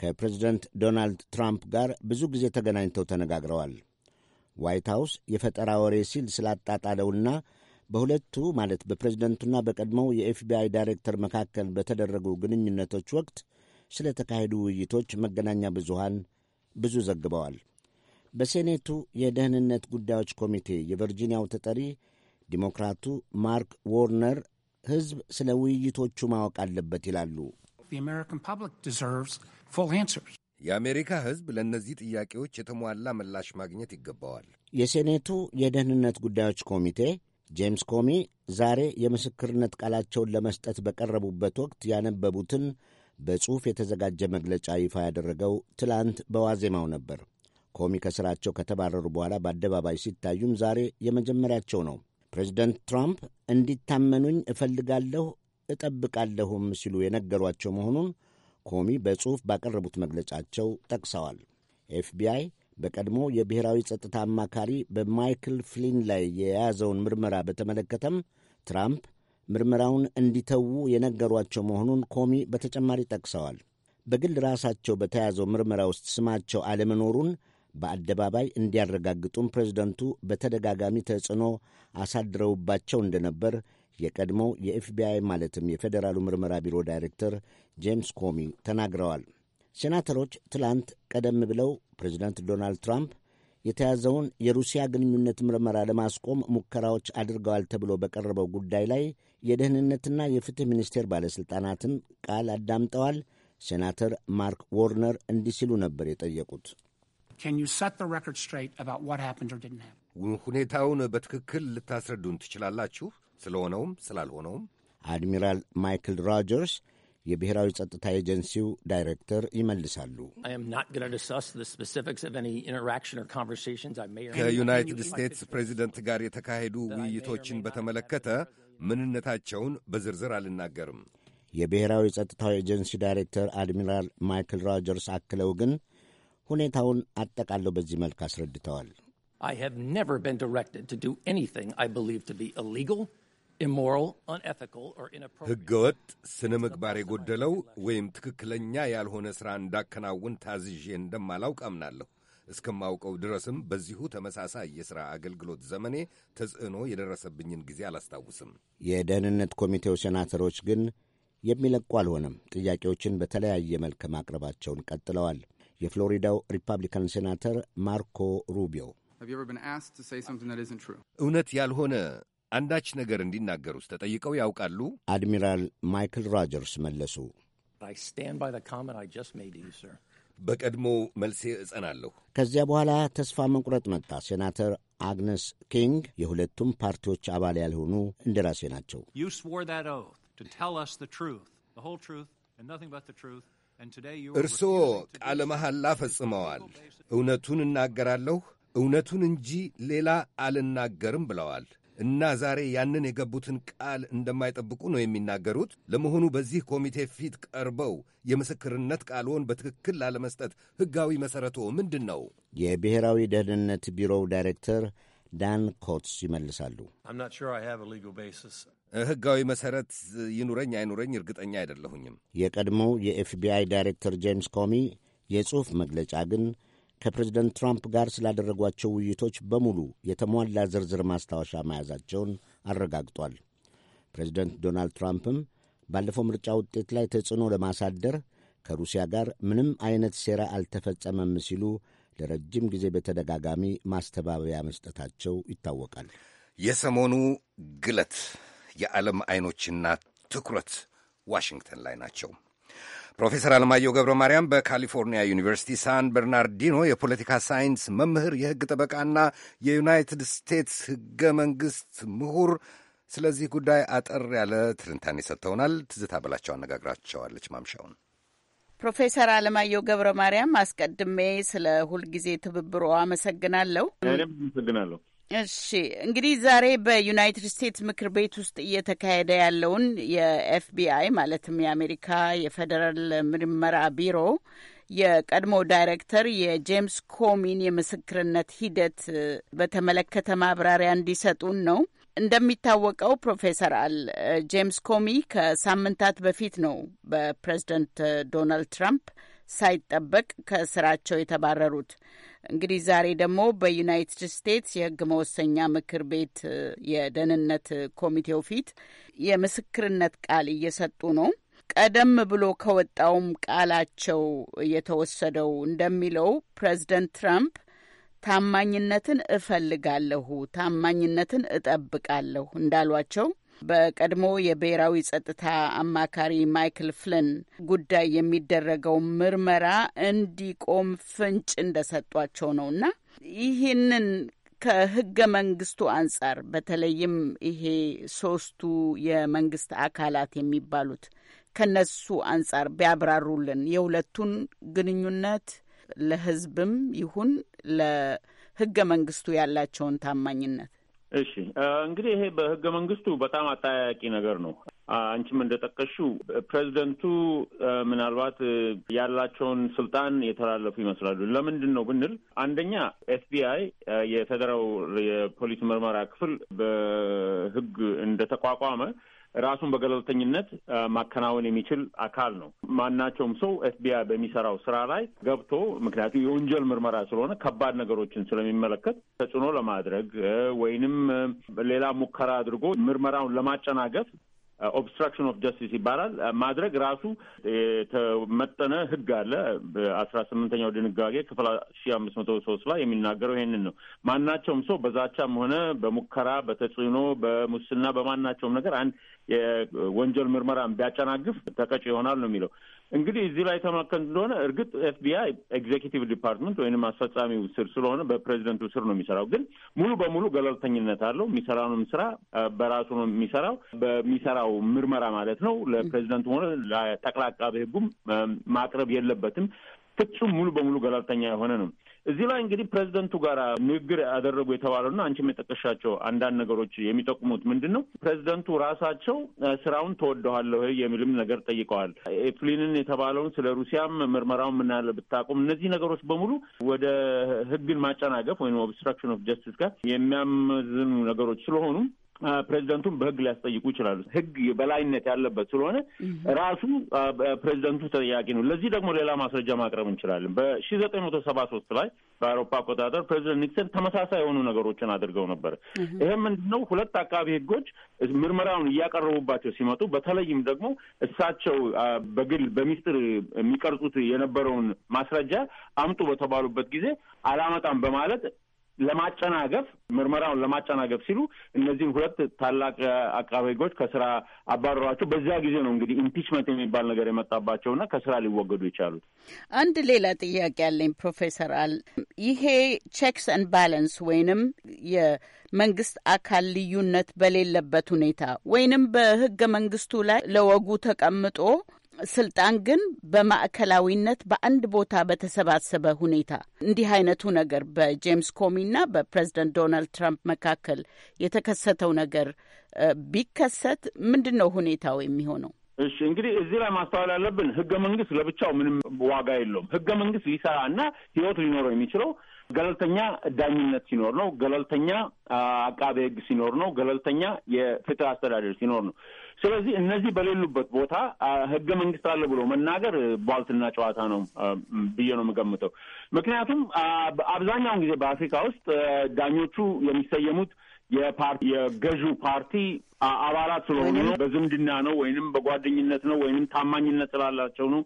ከፕሬዝደንት ዶናልድ ትራምፕ ጋር ብዙ ጊዜ ተገናኝተው ተነጋግረዋል። ዋይት ሐውስ የፈጠራ ወሬ ሲል ስላጣጣለውና በሁለቱ ማለት በፕሬዝደንቱና በቀድሞው የኤፍቢአይ ዳይሬክተር መካከል በተደረጉ ግንኙነቶች ወቅት ስለተካሄዱ ውይይቶች መገናኛ ብዙሃን ብዙ ዘግበዋል። በሴኔቱ የደህንነት ጉዳዮች ኮሚቴ የቨርጂኒያው ተጠሪ ዲሞክራቱ ማርክ ዎርነር ሕዝብ ስለ ውይይቶቹ ማወቅ አለበት ይላሉ። የአሜሪካ ሕዝብ ለእነዚህ ጥያቄዎች የተሟላ ምላሽ ማግኘት ይገባዋል። የሴኔቱ የደህንነት ጉዳዮች ኮሚቴ ጄምስ ኮሚ ዛሬ የምስክርነት ቃላቸውን ለመስጠት በቀረቡበት ወቅት ያነበቡትን በጽሑፍ የተዘጋጀ መግለጫ ይፋ ያደረገው ትላንት በዋዜማው ነበር። ኮሚ ከሥራቸው ከተባረሩ በኋላ በአደባባይ ሲታዩም ዛሬ የመጀመሪያቸው ነው። ፕሬዚደንት ትራምፕ እንዲታመኑኝ እፈልጋለሁ እጠብቃለሁም ሲሉ የነገሯቸው መሆኑን ኮሚ በጽሑፍ ባቀረቡት መግለጫቸው ጠቅሰዋል። ኤፍቢአይ በቀድሞ የብሔራዊ ጸጥታ አማካሪ በማይክል ፍሊን ላይ የያዘውን ምርመራ በተመለከተም ትራምፕ ምርመራውን እንዲተዉ የነገሯቸው መሆኑን ኮሚ በተጨማሪ ጠቅሰዋል። በግል ራሳቸው በተያዘው ምርመራ ውስጥ ስማቸው አለመኖሩን በአደባባይ እንዲያረጋግጡም ፕሬዝደንቱ በተደጋጋሚ ተጽዕኖ አሳድረውባቸው እንደነበር የቀድሞው የኤፍቢአይ ማለትም የፌዴራሉ ምርመራ ቢሮ ዳይሬክተር ጄምስ ኮሚ ተናግረዋል። ሴናተሮች ትላንት ቀደም ብለው ፕሬዝደንት ዶናልድ ትራምፕ የተያዘውን የሩሲያ ግንኙነት ምርመራ ለማስቆም ሙከራዎች አድርገዋል ተብሎ በቀረበው ጉዳይ ላይ የደህንነትና የፍትሕ ሚኒስቴር ባለሥልጣናትን ቃል አዳምጠዋል። ሴናተር ማርክ ዎርነር እንዲህ ሲሉ ነበር የጠየቁት። ሁኔታውን በትክክል ልታስረዱን ትችላላችሁ? ስለሆነውም ስላልሆነውም። አድሚራል ማይክል ሮጀርስ የብሔራዊ ጸጥታ ኤጀንሲው ዳይሬክተር ይመልሳሉ። ከዩናይትድ ስቴትስ ፕሬዚደንት ጋር የተካሄዱ ውይይቶችን በተመለከተ ምንነታቸውን በዝርዝር አልናገርም። የብሔራዊ ጸጥታው ኤጀንሲ ዳይሬክተር አድሚራል ማይክል ሮጀርስ አክለው ግን ሁኔታውን አጠቃለው በዚህ መልክ አስረድተዋል። ሕገወጥ ስነ ምግባር የጎደለው ወይም ትክክለኛ ያልሆነ ሥራ እንዳከናውን ታዝዤ እንደማላውቅ አምናለሁ። እስከማውቀው ድረስም በዚሁ ተመሳሳይ የሥራ አገልግሎት ዘመኔ ተጽዕኖ የደረሰብኝን ጊዜ አላስታውስም። የደህንነት ኮሚቴው ሴናተሮች ግን የሚለቁ አልሆነም። ጥያቄዎችን በተለያየ መልክ ማቅረባቸውን ቀጥለዋል። የፍሎሪዳው ሪፐብሊካን ሴናተር ማርኮ ሩቢዮ እውነት ያልሆነ አንዳች ነገር ውስጥ ተጠይቀው ያውቃሉ? አድሚራል ማይክል ሮጀርስ መለሱ። በቀድሞው መልሴ እጸናለሁ። ከዚያ በኋላ ተስፋ መቁረጥ መጣ። ሴናተር አግነስ ኪንግ የሁለቱም ፓርቲዎች አባል ያልሆኑ እንደራሴ ናቸው። እርስዎ ቃለ መሐላ ፈጽመዋል። እውነቱን እናገራለሁ፣ እውነቱን እንጂ ሌላ አልናገርም ብለዋል እና ዛሬ ያንን የገቡትን ቃል እንደማይጠብቁ ነው የሚናገሩት። ለመሆኑ በዚህ ኮሚቴ ፊት ቀርበው የምስክርነት ቃልዎን በትክክል ላለመስጠት ሕጋዊ መሠረቶ ምንድን ነው? የብሔራዊ ደህንነት ቢሮው ዳይሬክተር ዳን ኮትስ ይመልሳሉ። ሕጋዊ መሠረት ይኑረኝ አይኑረኝ እርግጠኛ አይደለሁኝም። የቀድሞው የኤፍቢአይ ዳይሬክተር ጄምስ ኮሚ የጽሑፍ መግለጫ ግን ከፕሬዝደንት ትራምፕ ጋር ስላደረጓቸው ውይይቶች በሙሉ የተሟላ ዝርዝር ማስታወሻ መያዛቸውን አረጋግጧል። ፕሬዝደንት ዶናልድ ትራምፕም ባለፈው ምርጫ ውጤት ላይ ተጽዕኖ ለማሳደር ከሩሲያ ጋር ምንም አይነት ሴራ አልተፈጸመም ሲሉ ለረጅም ጊዜ በተደጋጋሚ ማስተባበያ መስጠታቸው ይታወቃል። የሰሞኑ ግለት የዓለም አይኖችና ትኩረት ዋሽንግተን ላይ ናቸው። ፕሮፌሰር አለማየሁ ገብረ ማርያም በካሊፎርኒያ ዩኒቨርሲቲ ሳን በርናርዲኖ የፖለቲካ ሳይንስ መምህር፣ የሕግ ጠበቃና የዩናይትድ ስቴትስ ሕገ መንግሥት ምሁር ስለዚህ ጉዳይ አጠር ያለ ትንታኔ ሰጥተውናል። ትዝታ በላቸው አነጋግራቸዋለች ማምሻውን ፕሮፌሰር አለማየሁ ገብረ ማርያም አስቀድሜ ስለ ሁልጊዜ ትብብሮ አመሰግናለሁ። አመሰግናለሁ። እሺ እንግዲህ ዛሬ በዩናይትድ ስቴትስ ምክር ቤት ውስጥ እየተካሄደ ያለውን የኤፍቢአይ ማለትም የአሜሪካ የፌዴራል ምርመራ ቢሮ የቀድሞ ዳይሬክተር የጄምስ ኮሚን የምስክርነት ሂደት በተመለከተ ማብራሪያ እንዲሰጡን ነው። እንደሚታወቀው ፕሮፌሰር አል ጄምስ ኮሚ ከሳምንታት በፊት ነው በፕሬዝደንት ዶናልድ ትራምፕ ሳይጠበቅ ከስራቸው የተባረሩት። እንግዲህ ዛሬ ደግሞ በዩናይትድ ስቴትስ የህግ መወሰኛ ምክር ቤት የደህንነት ኮሚቴው ፊት የምስክርነት ቃል እየሰጡ ነው። ቀደም ብሎ ከወጣውም ቃላቸው የተወሰደው እንደሚለው ፕሬዝደንት ትራምፕ ታማኝነትን እፈልጋለሁ፣ ታማኝነትን እጠብቃለሁ እንዳሏቸው በቀድሞ የብሔራዊ ጸጥታ አማካሪ ማይክል ፍለን ጉዳይ የሚደረገው ምርመራ እንዲቆም ፍንጭ እንደሰጧቸው እና ይህንን ከህገ መንግስቱ አንጻር በተለይም ይሄ ሶስቱ የመንግስት አካላት የሚባሉት ከነሱ አንጻር ቢያብራሩልን የሁለቱን ግንኙነት ለህዝብም ይሁን ለህገ መንግስቱ ያላቸውን ታማኝነት? እሺ እንግዲህ ይሄ በህገ መንግስቱ በጣም አጠያያቂ ነገር ነው። አንቺም እንደጠቀሽው ፕሬዚደንቱ ምናልባት ያላቸውን ስልጣን የተላለፉ ይመስላሉ። ለምንድን ነው ብንል አንደኛ ኤፍቢአይ የፌዴራል የፖሊስ ምርመራ ክፍል በህግ እንደተቋቋመ ራሱን በገለልተኝነት ማከናወን የሚችል አካል ነው። ማናቸውም ሰው ኤፍቢአይ በሚሰራው ስራ ላይ ገብቶ ምክንያቱም የወንጀል ምርመራ ስለሆነ ከባድ ነገሮችን ስለሚመለከት ተጽዕኖ ለማድረግ ወይንም ሌላ ሙከራ አድርጎ ምርመራውን ለማጨናገፍ ኦብስትራክሽን ኦፍ ጀስቲስ ይባላል። ማድረግ ራሱ የተመጠነ ህግ አለ። በአስራ ስምንተኛው ድንጋጌ ክፍል ሺ አምስት መቶ ሶስት ላይ የሚናገረው ይሄንን ነው። ማናቸውም ሰው በዛቻም ሆነ በሙከራ በተጽዕኖ፣ በሙስና፣ በማናቸውም ነገር አንድ የወንጀል ምርመራን ቢያጨናግፍ ተቀጭ ይሆናል ነው የሚለው። እንግዲህ እዚህ ላይ ተመከን እንደሆነ እርግጥ ኤፍቢአይ ኤግዜኪቲቭ ዲፓርትመንት ወይም አስፈጻሚው ስር ስለሆነ በፕሬዚደንቱ ስር ነው የሚሰራው። ግን ሙሉ በሙሉ ገለልተኝነት አለው። የሚሰራውንም ስራ በራሱ ነው የሚሰራው። በሚሰራው ምርመራ ማለት ነው ለፕሬዚደንቱ ሆነ ለጠቅላይ አቃቤ ሕጉም ማቅረብ የለበትም። ፍጹም ሙሉ በሙሉ ገለልተኛ የሆነ ነው። እዚህ ላይ እንግዲህ ፕሬዚደንቱ ጋር ንግግር ያደረጉ የተባለውና አንቺም የጠቀሻቸው አንዳንድ ነገሮች የሚጠቁሙት ምንድን ነው? ፕሬዚደንቱ ራሳቸው ስራውን ተወደኋለሁ የሚልም ነገር ጠይቀዋል። ኤፍሊንን የተባለውን ስለ ሩሲያም ምርመራውን ምናለ ብታቆም እነዚህ ነገሮች በሙሉ ወደ ህግን ማጨናገፍ ወይም ኦብስትራክሽን ኦፍ ጀስቲስ ጋር የሚያመዝኑ ነገሮች ስለሆኑ ፕሬዚደንቱን በህግ ሊያስጠይቁ ይችላሉ። ህግ በላይነት ያለበት ስለሆነ ራሱ ፕሬዚደንቱ ተጠያቂ ነው። ለዚህ ደግሞ ሌላ ማስረጃ ማቅረብ እንችላለን። በሺ ዘጠኝ መቶ ሰባ ሶስት ላይ በአውሮፓ አቆጣጠር ፕሬዚደንት ኒክሰን ተመሳሳይ የሆኑ ነገሮችን አድርገው ነበር። ይሄ ምንድን ነው? ሁለት አቃቢ ህጎች ምርመራውን እያቀረቡባቸው ሲመጡ በተለይም ደግሞ እሳቸው በግል በሚስጥር የሚቀርጹት የነበረውን ማስረጃ አምጡ በተባሉበት ጊዜ አላመጣም በማለት ለማጨናገፍ ምርመራውን ለማጨናገፍ ሲሉ እነዚህን ሁለት ታላቅ አቃቤ ሕጎች ከስራ አባረሯቸው። በዚያ ጊዜ ነው እንግዲህ ኢምፒችመንት የሚባል ነገር የመጣባቸውና ከስራ ሊወገዱ የቻሉት። አንድ ሌላ ጥያቄ ያለኝ ፕሮፌሰር አል ይሄ ቼክስ ኤንድ ባላንስ ወይንም የመንግስት አካል ልዩነት በሌለበት ሁኔታ ወይንም በህገ መንግስቱ ላይ ለወጉ ተቀምጦ ስልጣን ግን በማዕከላዊነት በአንድ ቦታ በተሰባሰበ ሁኔታ እንዲህ አይነቱ ነገር በጄምስ ኮሚና በፕሬዝደንት ዶናልድ ትራምፕ መካከል የተከሰተው ነገር ቢከሰት ምንድን ነው ሁኔታው የሚሆነው? እሺ እንግዲህ እዚህ ላይ ማስተዋል ያለብን ህገ መንግስት ለብቻው ምንም ዋጋ የለውም። ህገ መንግስት ሊሰራ እና ህይወት ሊኖረው የሚችለው ገለልተኛ ዳኝነት ሲኖር ነው። ገለልተኛ አቃቤ ሕግ ሲኖር ነው። ገለልተኛ የፍትህ አስተዳደር ሲኖር ነው። ስለዚህ እነዚህ በሌሉበት ቦታ ህገ መንግስት አለ ብሎ መናገር ቧልትና ጨዋታ ነው ብዬ ነው የምገምተው። ምክንያቱም አብዛኛውን ጊዜ በአፍሪካ ውስጥ ዳኞቹ የሚሰየሙት የፓርቲ የገዢው ፓርቲ አባላት ስለሆኑ ነው፣ በዝምድና ነው፣ ወይንም በጓደኝነት ነው፣ ወይንም ታማኝነት ስላላቸው ነው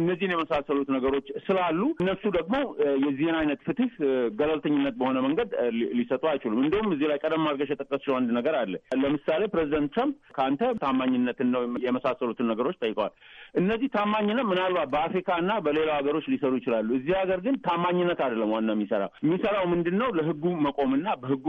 እነዚህን የመሳሰሉት ነገሮች ስላሉ እነሱ ደግሞ የዚህን አይነት ፍትህ ገለልተኝነት በሆነ መንገድ ሊሰጡ አይችሉም። እንዲሁም እዚህ ላይ ቀደም አድርገሽ የጠቀስሽው አንድ ነገር አለ። ለምሳሌ ፕሬዚደንት ትራምፕ ከአንተ ታማኝነትን ነው የመሳሰሉትን ነገሮች ጠይቀዋል። እነዚህ ታማኝነት ምናልባት በአፍሪካ እና በሌላው ሀገሮች ሊሰሩ ይችላሉ። እዚህ ሀገር ግን ታማኝነት አይደለም ዋና የሚሰራው የሚሰራው ምንድን ነው? ለህጉ መቆምና በህጉ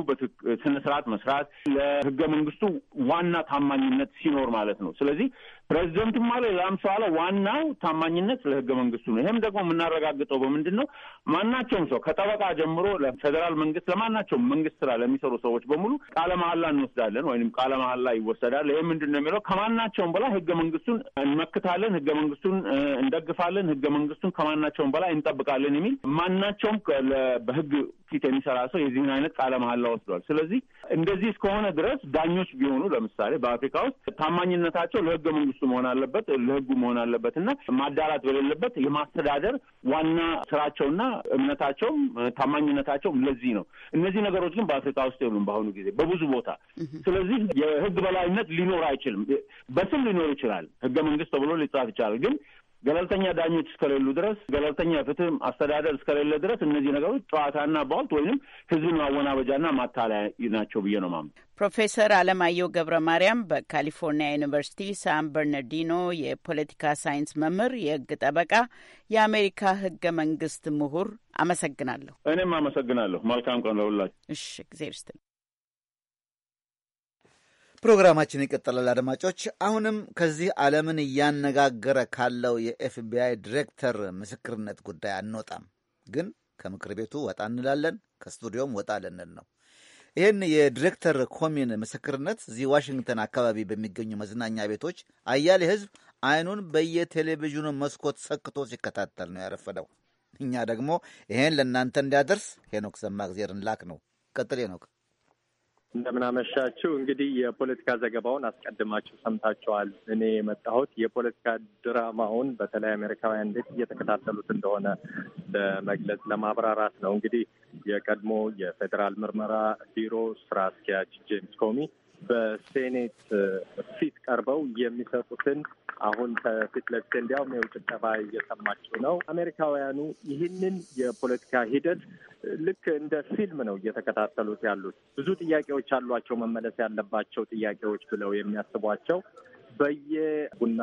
ስነስርዓት መስራት ለህገ መንግስቱ ዋና ታማኝነት ሲኖር ማለት ነው። ስለዚህ ፕሬዚደንቱም አለ ሌላም ሰው አለ። ዋናው ታማኝነት ለህገ መንግስቱ ነው። ይህም ደግሞ የምናረጋግጠው በምንድን ነው? ማናቸውም ሰው ከጠበቃ ጀምሮ ለፌዴራል መንግስት ለማናቸውም መንግስት ስራ ለሚሰሩ ሰዎች በሙሉ ቃለ መሀላ እንወስዳለን ወይም ቃለ መሀላ ይወሰዳል። ይሄ ምንድን ነው የሚለው ከማናቸውም በላይ ህገ መንግስቱን እንመክታለን፣ ህገ መንግስቱን እንደግፋለን፣ ህገ መንግስቱን ከማናቸውም በላይ እንጠብቃለን የሚል ማናቸውም በህግ ፊት የሚሰራ ሰው የዚህን አይነት ቃለ መሀላ ወስዷል። ስለዚህ እንደዚህ እስከሆነ ድረስ ዳኞች ቢሆኑ ለምሳሌ በአፍሪካ ውስጥ ታማኝነታቸው ለህገ መንግስቱ መሆን አለበት፣ ለህጉ መሆን አለበት እና ማዳላት በሌለበት የማስተዳደር ዋና ስራቸውና እምነታቸውም ታማኝነታቸውም ለዚህ ነው። እነዚህ ነገሮች ግን በአፍሪካ ውስጥ የሉም በአሁኑ ጊዜ በብዙ ቦታ። ስለዚህ የህግ በላይነት ሊኖር አይችልም። በስም ሊኖር ይችላል፣ ህገ መንግስት ተብሎ ሊጻፍ ይችላል። ግን ገለልተኛ ዳኞች እስከሌሉ ድረስ፣ ገለልተኛ ፍትህም አስተዳደር እስከሌለ ድረስ እነዚህ ነገሮች ጨዋታና ባልት ወይም ህዝብን ማወናበጃና ማታለያ ናቸው ብዬ ነው ማምነው። ፕሮፌሰር አለማየሁ ገብረ ማርያም በካሊፎርኒያ ዩኒቨርሲቲ ሳን በርነርዲኖ የፖለቲካ ሳይንስ መምህር፣ የህግ ጠበቃ፣ የአሜሪካ ህገ መንግስት ምሁር። አመሰግናለሁ። እኔም አመሰግናለሁ። መልካም ቀን ለሁላችሁ። እሺ፣ ጊዜ ፕሮግራማችን ይቀጥላል። አድማጮች፣ አሁንም ከዚህ ዓለምን እያነጋገረ ካለው የኤፍቢአይ ዲሬክተር ምስክርነት ጉዳይ አንወጣም፣ ግን ከምክር ቤቱ ወጣ እንላለን፣ ከስቱዲዮም ወጣ ልንል ነው። ይህን የዲሬክተር ኮሚን ምስክርነት እዚህ ዋሽንግተን አካባቢ በሚገኙ መዝናኛ ቤቶች አያሌ ሕዝብ አይኑን በየቴሌቪዥኑ መስኮት ሰክቶ ሲከታተል ነው ያረፈደው። እኛ ደግሞ ይህን ለእናንተ እንዲያደርስ ሄኖክ ሰማግዜርን ላክ ነው። ቀጥል ሄኖክ። እንደምናመሻችው እንግዲህ የፖለቲካ ዘገባውን አስቀድማችሁ ሰምታችኋል። እኔ የመጣሁት የፖለቲካ ድራማውን በተለይ አሜሪካውያን እንዴት እየተከታተሉት እንደሆነ ለመግለጽ ለማብራራት ነው። እንግዲህ የቀድሞ የፌዴራል ምርመራ ቢሮ ስራ አስኪያጅ ጄምስ ኮሚ በሴኔት ፊት ቀርበው የሚሰጡትን አሁን ከፊት ለፊት እንዲያውም የውጭ ጭብጨባ እየሰማችው ነው። አሜሪካውያኑ ይህንን የፖለቲካ ሂደት ልክ እንደ ፊልም ነው እየተከታተሉት ያሉት። ብዙ ጥያቄዎች አሏቸው፣ መመለስ ያለባቸው ጥያቄዎች ብለው የሚያስቧቸው በየቡና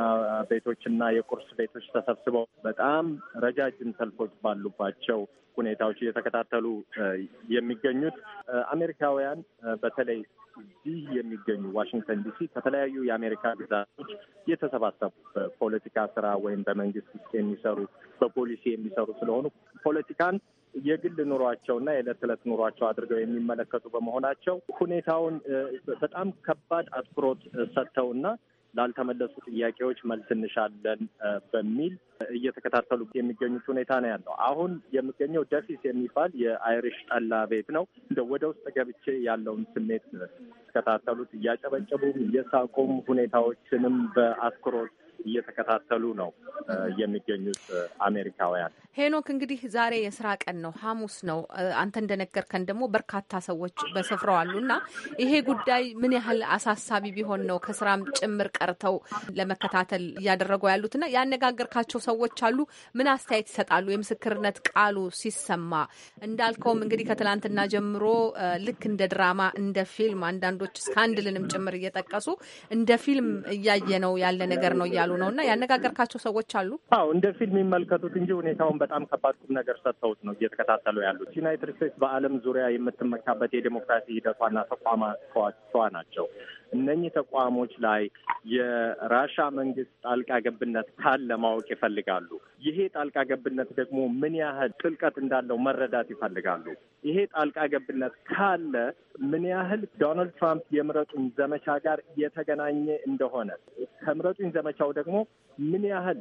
እና የቁርስ ቤቶች ተሰብስበው በጣም ረጃጅም ሰልፎች ባሉባቸው ሁኔታዎች እየተከታተሉ የሚገኙት አሜሪካውያን በተለይ እዚህ የሚገኙ ዋሽንግተን ዲሲ ከተለያዩ የአሜሪካ ግዛቶች የተሰባሰቡ በፖለቲካ ስራ ወይም በመንግስት ውስጥ የሚሰሩ በፖሊሲ የሚሰሩ ስለሆኑ ፖለቲካን የግል ኑሯቸውና የዕለት ዕለት ኑሯቸው አድርገው የሚመለከቱ በመሆናቸው ሁኔታውን በጣም ከባድ አትኩሮት ሰጥተውና ላልተመለሱ ጥያቄዎች መልስ እንሻለን በሚል እየተከታተሉ የሚገኙት ሁኔታ ነው ያለው። አሁን የምገኘው ደፊስ የሚባል የአይሪሽ ጠላ ቤት ነው። እንደ ወደ ውስጥ ገብቼ ያለውን ስሜት ተከታተሉት። እያጨበጨቡም እየሳቁም ሁኔታዎችንም በአትኩሮት እየተከታተሉ ነው የሚገኙት አሜሪካውያን። ሄኖክ እንግዲህ ዛሬ የስራ ቀን ነው፣ ሐሙስ ነው። አንተ እንደነገርከን ደግሞ በርካታ ሰዎች በስፍራው አሉ እና ይሄ ጉዳይ ምን ያህል አሳሳቢ ቢሆን ነው ከስራም ጭምር ቀርተው ለመከታተል እያደረጉ ያሉት እና ያነጋገርካቸው ሰዎች አሉ? ምን አስተያየት ይሰጣሉ? የምስክርነት ቃሉ ሲሰማ እንዳልከውም እንግዲህ ከትላንትና ጀምሮ ልክ እንደ ድራማ እንደ ፊልም አንዳንዶች ልንም ጭምር እየጠቀሱ እንደ ፊልም እያየ ነው ያለ ነገር ነው እያሉ እያሉ ነው እና ያነጋገርካቸው ሰዎች አሉ? አዎ እንደ ፊልም ይመልከቱት እንጂ ሁኔታውን በጣም ከባድ ቁም ነገር ሰጥተውት ነው እየተከታተሉ ያሉት። ዩናይትድ ስቴትስ በዓለም ዙሪያ የምትመካበት የዴሞክራሲ ሂደቷና ተቋማቷ ናቸው። እነኚህ ተቋሞች ላይ የራሻ መንግስት ጣልቃ ገብነት ካለ ማወቅ ይፈልጋሉ። ይሄ ጣልቃ ገብነት ደግሞ ምን ያህል ጥልቀት እንዳለው መረዳት ይፈልጋሉ። ይሄ ጣልቃ ገብነት ካለ ምን ያህል ዶናልድ ትራምፕ የምረጡኝ ዘመቻ ጋር የተገናኘ እንደሆነ ከምረጡኝ ዘመቻው ደግሞ ምን ያህል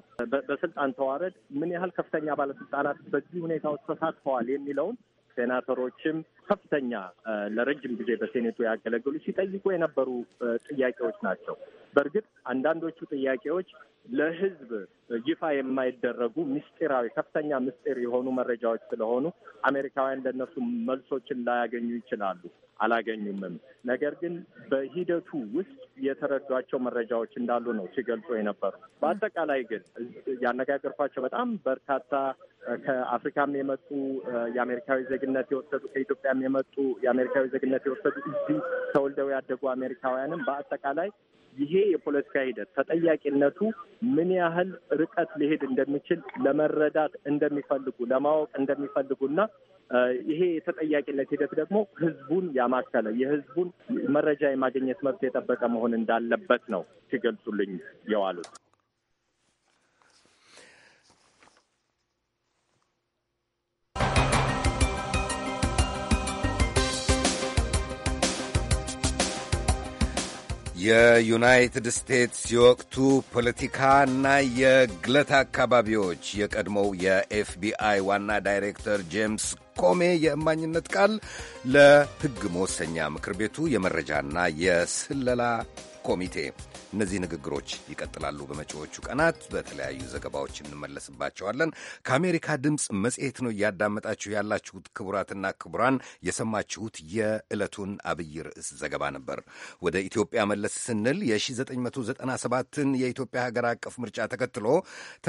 በስልጣን ተዋረድ ምን ያህል ከፍተኛ ባለስልጣናት በዚህ ሁኔታ ውስጥ ተሳትፈዋል የሚለውን ሴናተሮችም ከፍተኛ ለረጅም ጊዜ በሴኔቱ ያገለግሉ ሲጠይቁ የነበሩ ጥያቄዎች ናቸው። በእርግጥ አንዳንዶቹ ጥያቄዎች ለሕዝብ ይፋ የማይደረጉ ምስጢራዊ፣ ከፍተኛ ምስጢር የሆኑ መረጃዎች ስለሆኑ አሜሪካውያን ለእነሱ መልሶችን ላያገኙ ይችላሉ። አላገኙምም። ነገር ግን በሂደቱ ውስጥ የተረዷቸው መረጃዎች እንዳሉ ነው ሲገልጹ የነበሩ። በአጠቃላይ ግን ያነጋገርኳቸው በጣም በርካታ ከአፍሪካም የመጡ የአሜሪካዊ ዜግነት የወሰዱ ከኢትዮጵያም የመጡ የአሜሪካዊ ዜግነት የወሰዱ እዚህ ተወልደው ያደጉ አሜሪካውያንም በአጠቃላይ ይሄ የፖለቲካ ሂደት ተጠያቂነቱ ምን ያህል ርቀት ሊሄድ እንደሚችል ለመረዳት እንደሚፈልጉ ለማወቅ እንደሚፈልጉና ይሄ የተጠያቂነት ሂደት ደግሞ ህዝቡን ያማከለ የህዝቡን መረጃ የማግኘት መብት የጠበቀ መሆን እንዳለበት ነው ሲገልጹልኝ የዋሉት። የዩናይትድ ስቴትስ የወቅቱ ፖለቲካና የግለት አካባቢዎች የቀድሞው የኤፍቢአይ ዋና ዳይሬክተር ጄምስ ኮሜ የእማኝነት ቃል ለሕግ መወሰኛ ምክር ቤቱ የመረጃና የስለላ ኮሚቴ። እነዚህ ንግግሮች ይቀጥላሉ። በመጪዎቹ ቀናት በተለያዩ ዘገባዎች እንመለስባቸዋለን። ከአሜሪካ ድምፅ መጽሔት ነው እያዳመጣችሁ ያላችሁት። ክቡራትና ክቡራን የሰማችሁት የዕለቱን አብይ ርዕስ ዘገባ ነበር። ወደ ኢትዮጵያ መለስ ስንል የ1997ን የኢትዮጵያ ሀገር አቀፍ ምርጫ ተከትሎ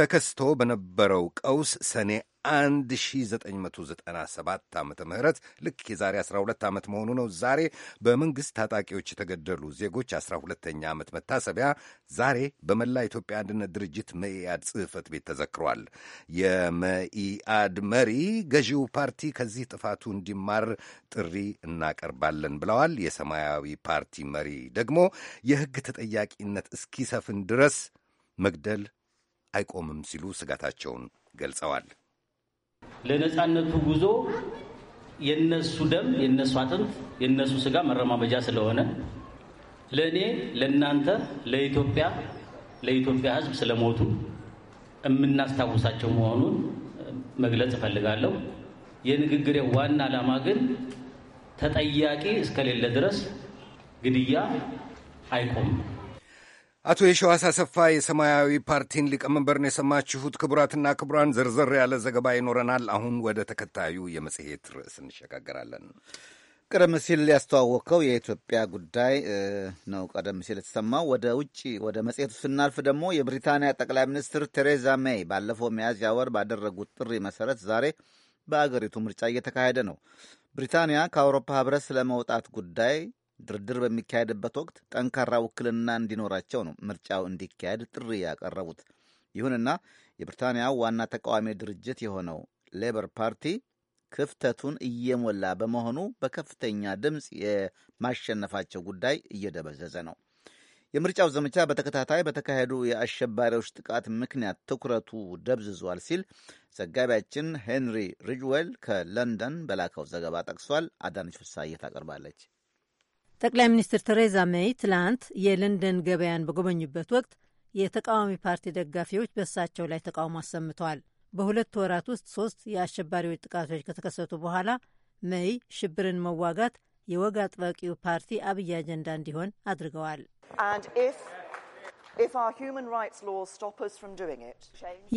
ተከስቶ በነበረው ቀውስ ሰኔ 1997 ዓ ም ልክ የዛሬ 12 ዓመት መሆኑ ነው። ዛሬ በመንግሥት ታጣቂዎች የተገደሉ ዜጎች 12ተኛ ዓመት መታሰቢያ ዛሬ በመላ ኢትዮጵያ አንድነት ድርጅት መኢአድ ጽሕፈት ቤት ተዘክሯል። የመኢአድ መሪ ገዢው ፓርቲ ከዚህ ጥፋቱ እንዲማር ጥሪ እናቀርባለን ብለዋል። የሰማያዊ ፓርቲ መሪ ደግሞ የሕግ ተጠያቂነት እስኪሰፍን ድረስ መግደል አይቆምም ሲሉ ስጋታቸውን ገልጸዋል። ለነፃነቱ ጉዞ የነሱ ደም፣ የነሱ አጥንት፣ የነሱ ስጋ መረማመጃ ስለሆነ ለእኔ፣ ለእናንተ፣ ለኢትዮጵያ ለኢትዮጵያ ሕዝብ ስለሞቱ የምናስታውሳቸው መሆኑን መግለጽ እፈልጋለሁ። የንግግሬ ዋና ዓላማ ግን ተጠያቂ እስከሌለ ድረስ ግድያ አይቆምም። አቶ የሸዋስ አሰፋ የሰማያዊ ፓርቲን ሊቀመንበርን የሰማችሁት። ክቡራትና ክቡራን ዝርዝር ያለ ዘገባ ይኖረናል። አሁን ወደ ተከታዩ የመጽሔት ርዕስ እንሸጋገራለን። ቀደም ሲል ያስተዋወቀው የኢትዮጵያ ጉዳይ ነው። ቀደም ሲል የተሰማው ወደ ውጭ ወደ መጽሔቱ ስናልፍ ደግሞ የብሪታንያ ጠቅላይ ሚኒስትር ቴሬዛ ሜይ ባለፈው ሚያዝያ ወር ባደረጉት ጥሪ መሰረት ዛሬ በአገሪቱ ምርጫ እየተካሄደ ነው። ብሪታንያ ከአውሮፓ ህብረት ስለመውጣት ጉዳይ ድርድር በሚካሄድበት ወቅት ጠንካራ ውክልና እንዲኖራቸው ነው ምርጫው እንዲካሄድ ጥሪ ያቀረቡት። ይሁንና የብሪታንያው ዋና ተቃዋሚ ድርጅት የሆነው ሌበር ፓርቲ ክፍተቱን እየሞላ በመሆኑ በከፍተኛ ድምፅ የማሸነፋቸው ጉዳይ እየደበዘዘ ነው። የምርጫው ዘመቻ በተከታታይ በተካሄዱ የአሸባሪዎች ጥቃት ምክንያት ትኩረቱ ደብዝዟል ሲል ዘጋቢያችን ሄንሪ ሪጅዌል ከለንደን በላከው ዘገባ ጠቅሷል። አዳነች ፍሳዬ ታቀርባለች። ጠቅላይ ሚኒስትር ቴሬዛ ሜይ ትላንት የለንደን ገበያን በጎበኙበት ወቅት የተቃዋሚ ፓርቲ ደጋፊዎች በእሳቸው ላይ ተቃውሞ አሰምተዋል። በሁለት ወራት ውስጥ ሶስት የአሸባሪዎች ጥቃቶች ከተከሰቱ በኋላ መይ ሽብርን መዋጋት የወግ አጥባቂው ፓርቲ አብይ አጀንዳ እንዲሆን አድርገዋል።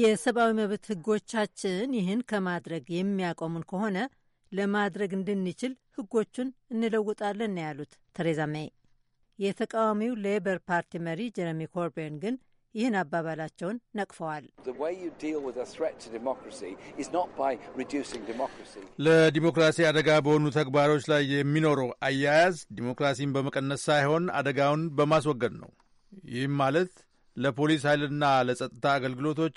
የሰብአዊ መብት ሕጎቻችን ይህን ከማድረግ የሚያቆሙን ከሆነ ለማድረግ እንድንችል ህጎቹን እንለውጣለን ነው ያሉት ተሬዛ ሜይ። የተቃዋሚው ሌበር ፓርቲ መሪ ጀረሚ ኮርቤን ግን ይህን አባባላቸውን ነቅፈዋል። ለዲሞክራሲ አደጋ በሆኑ ተግባሮች ላይ የሚኖረው አያያዝ ዲሞክራሲን በመቀነስ ሳይሆን አደጋውን በማስወገድ ነው። ይህም ማለት ለፖሊስ ኃይልና ለጸጥታ አገልግሎቶች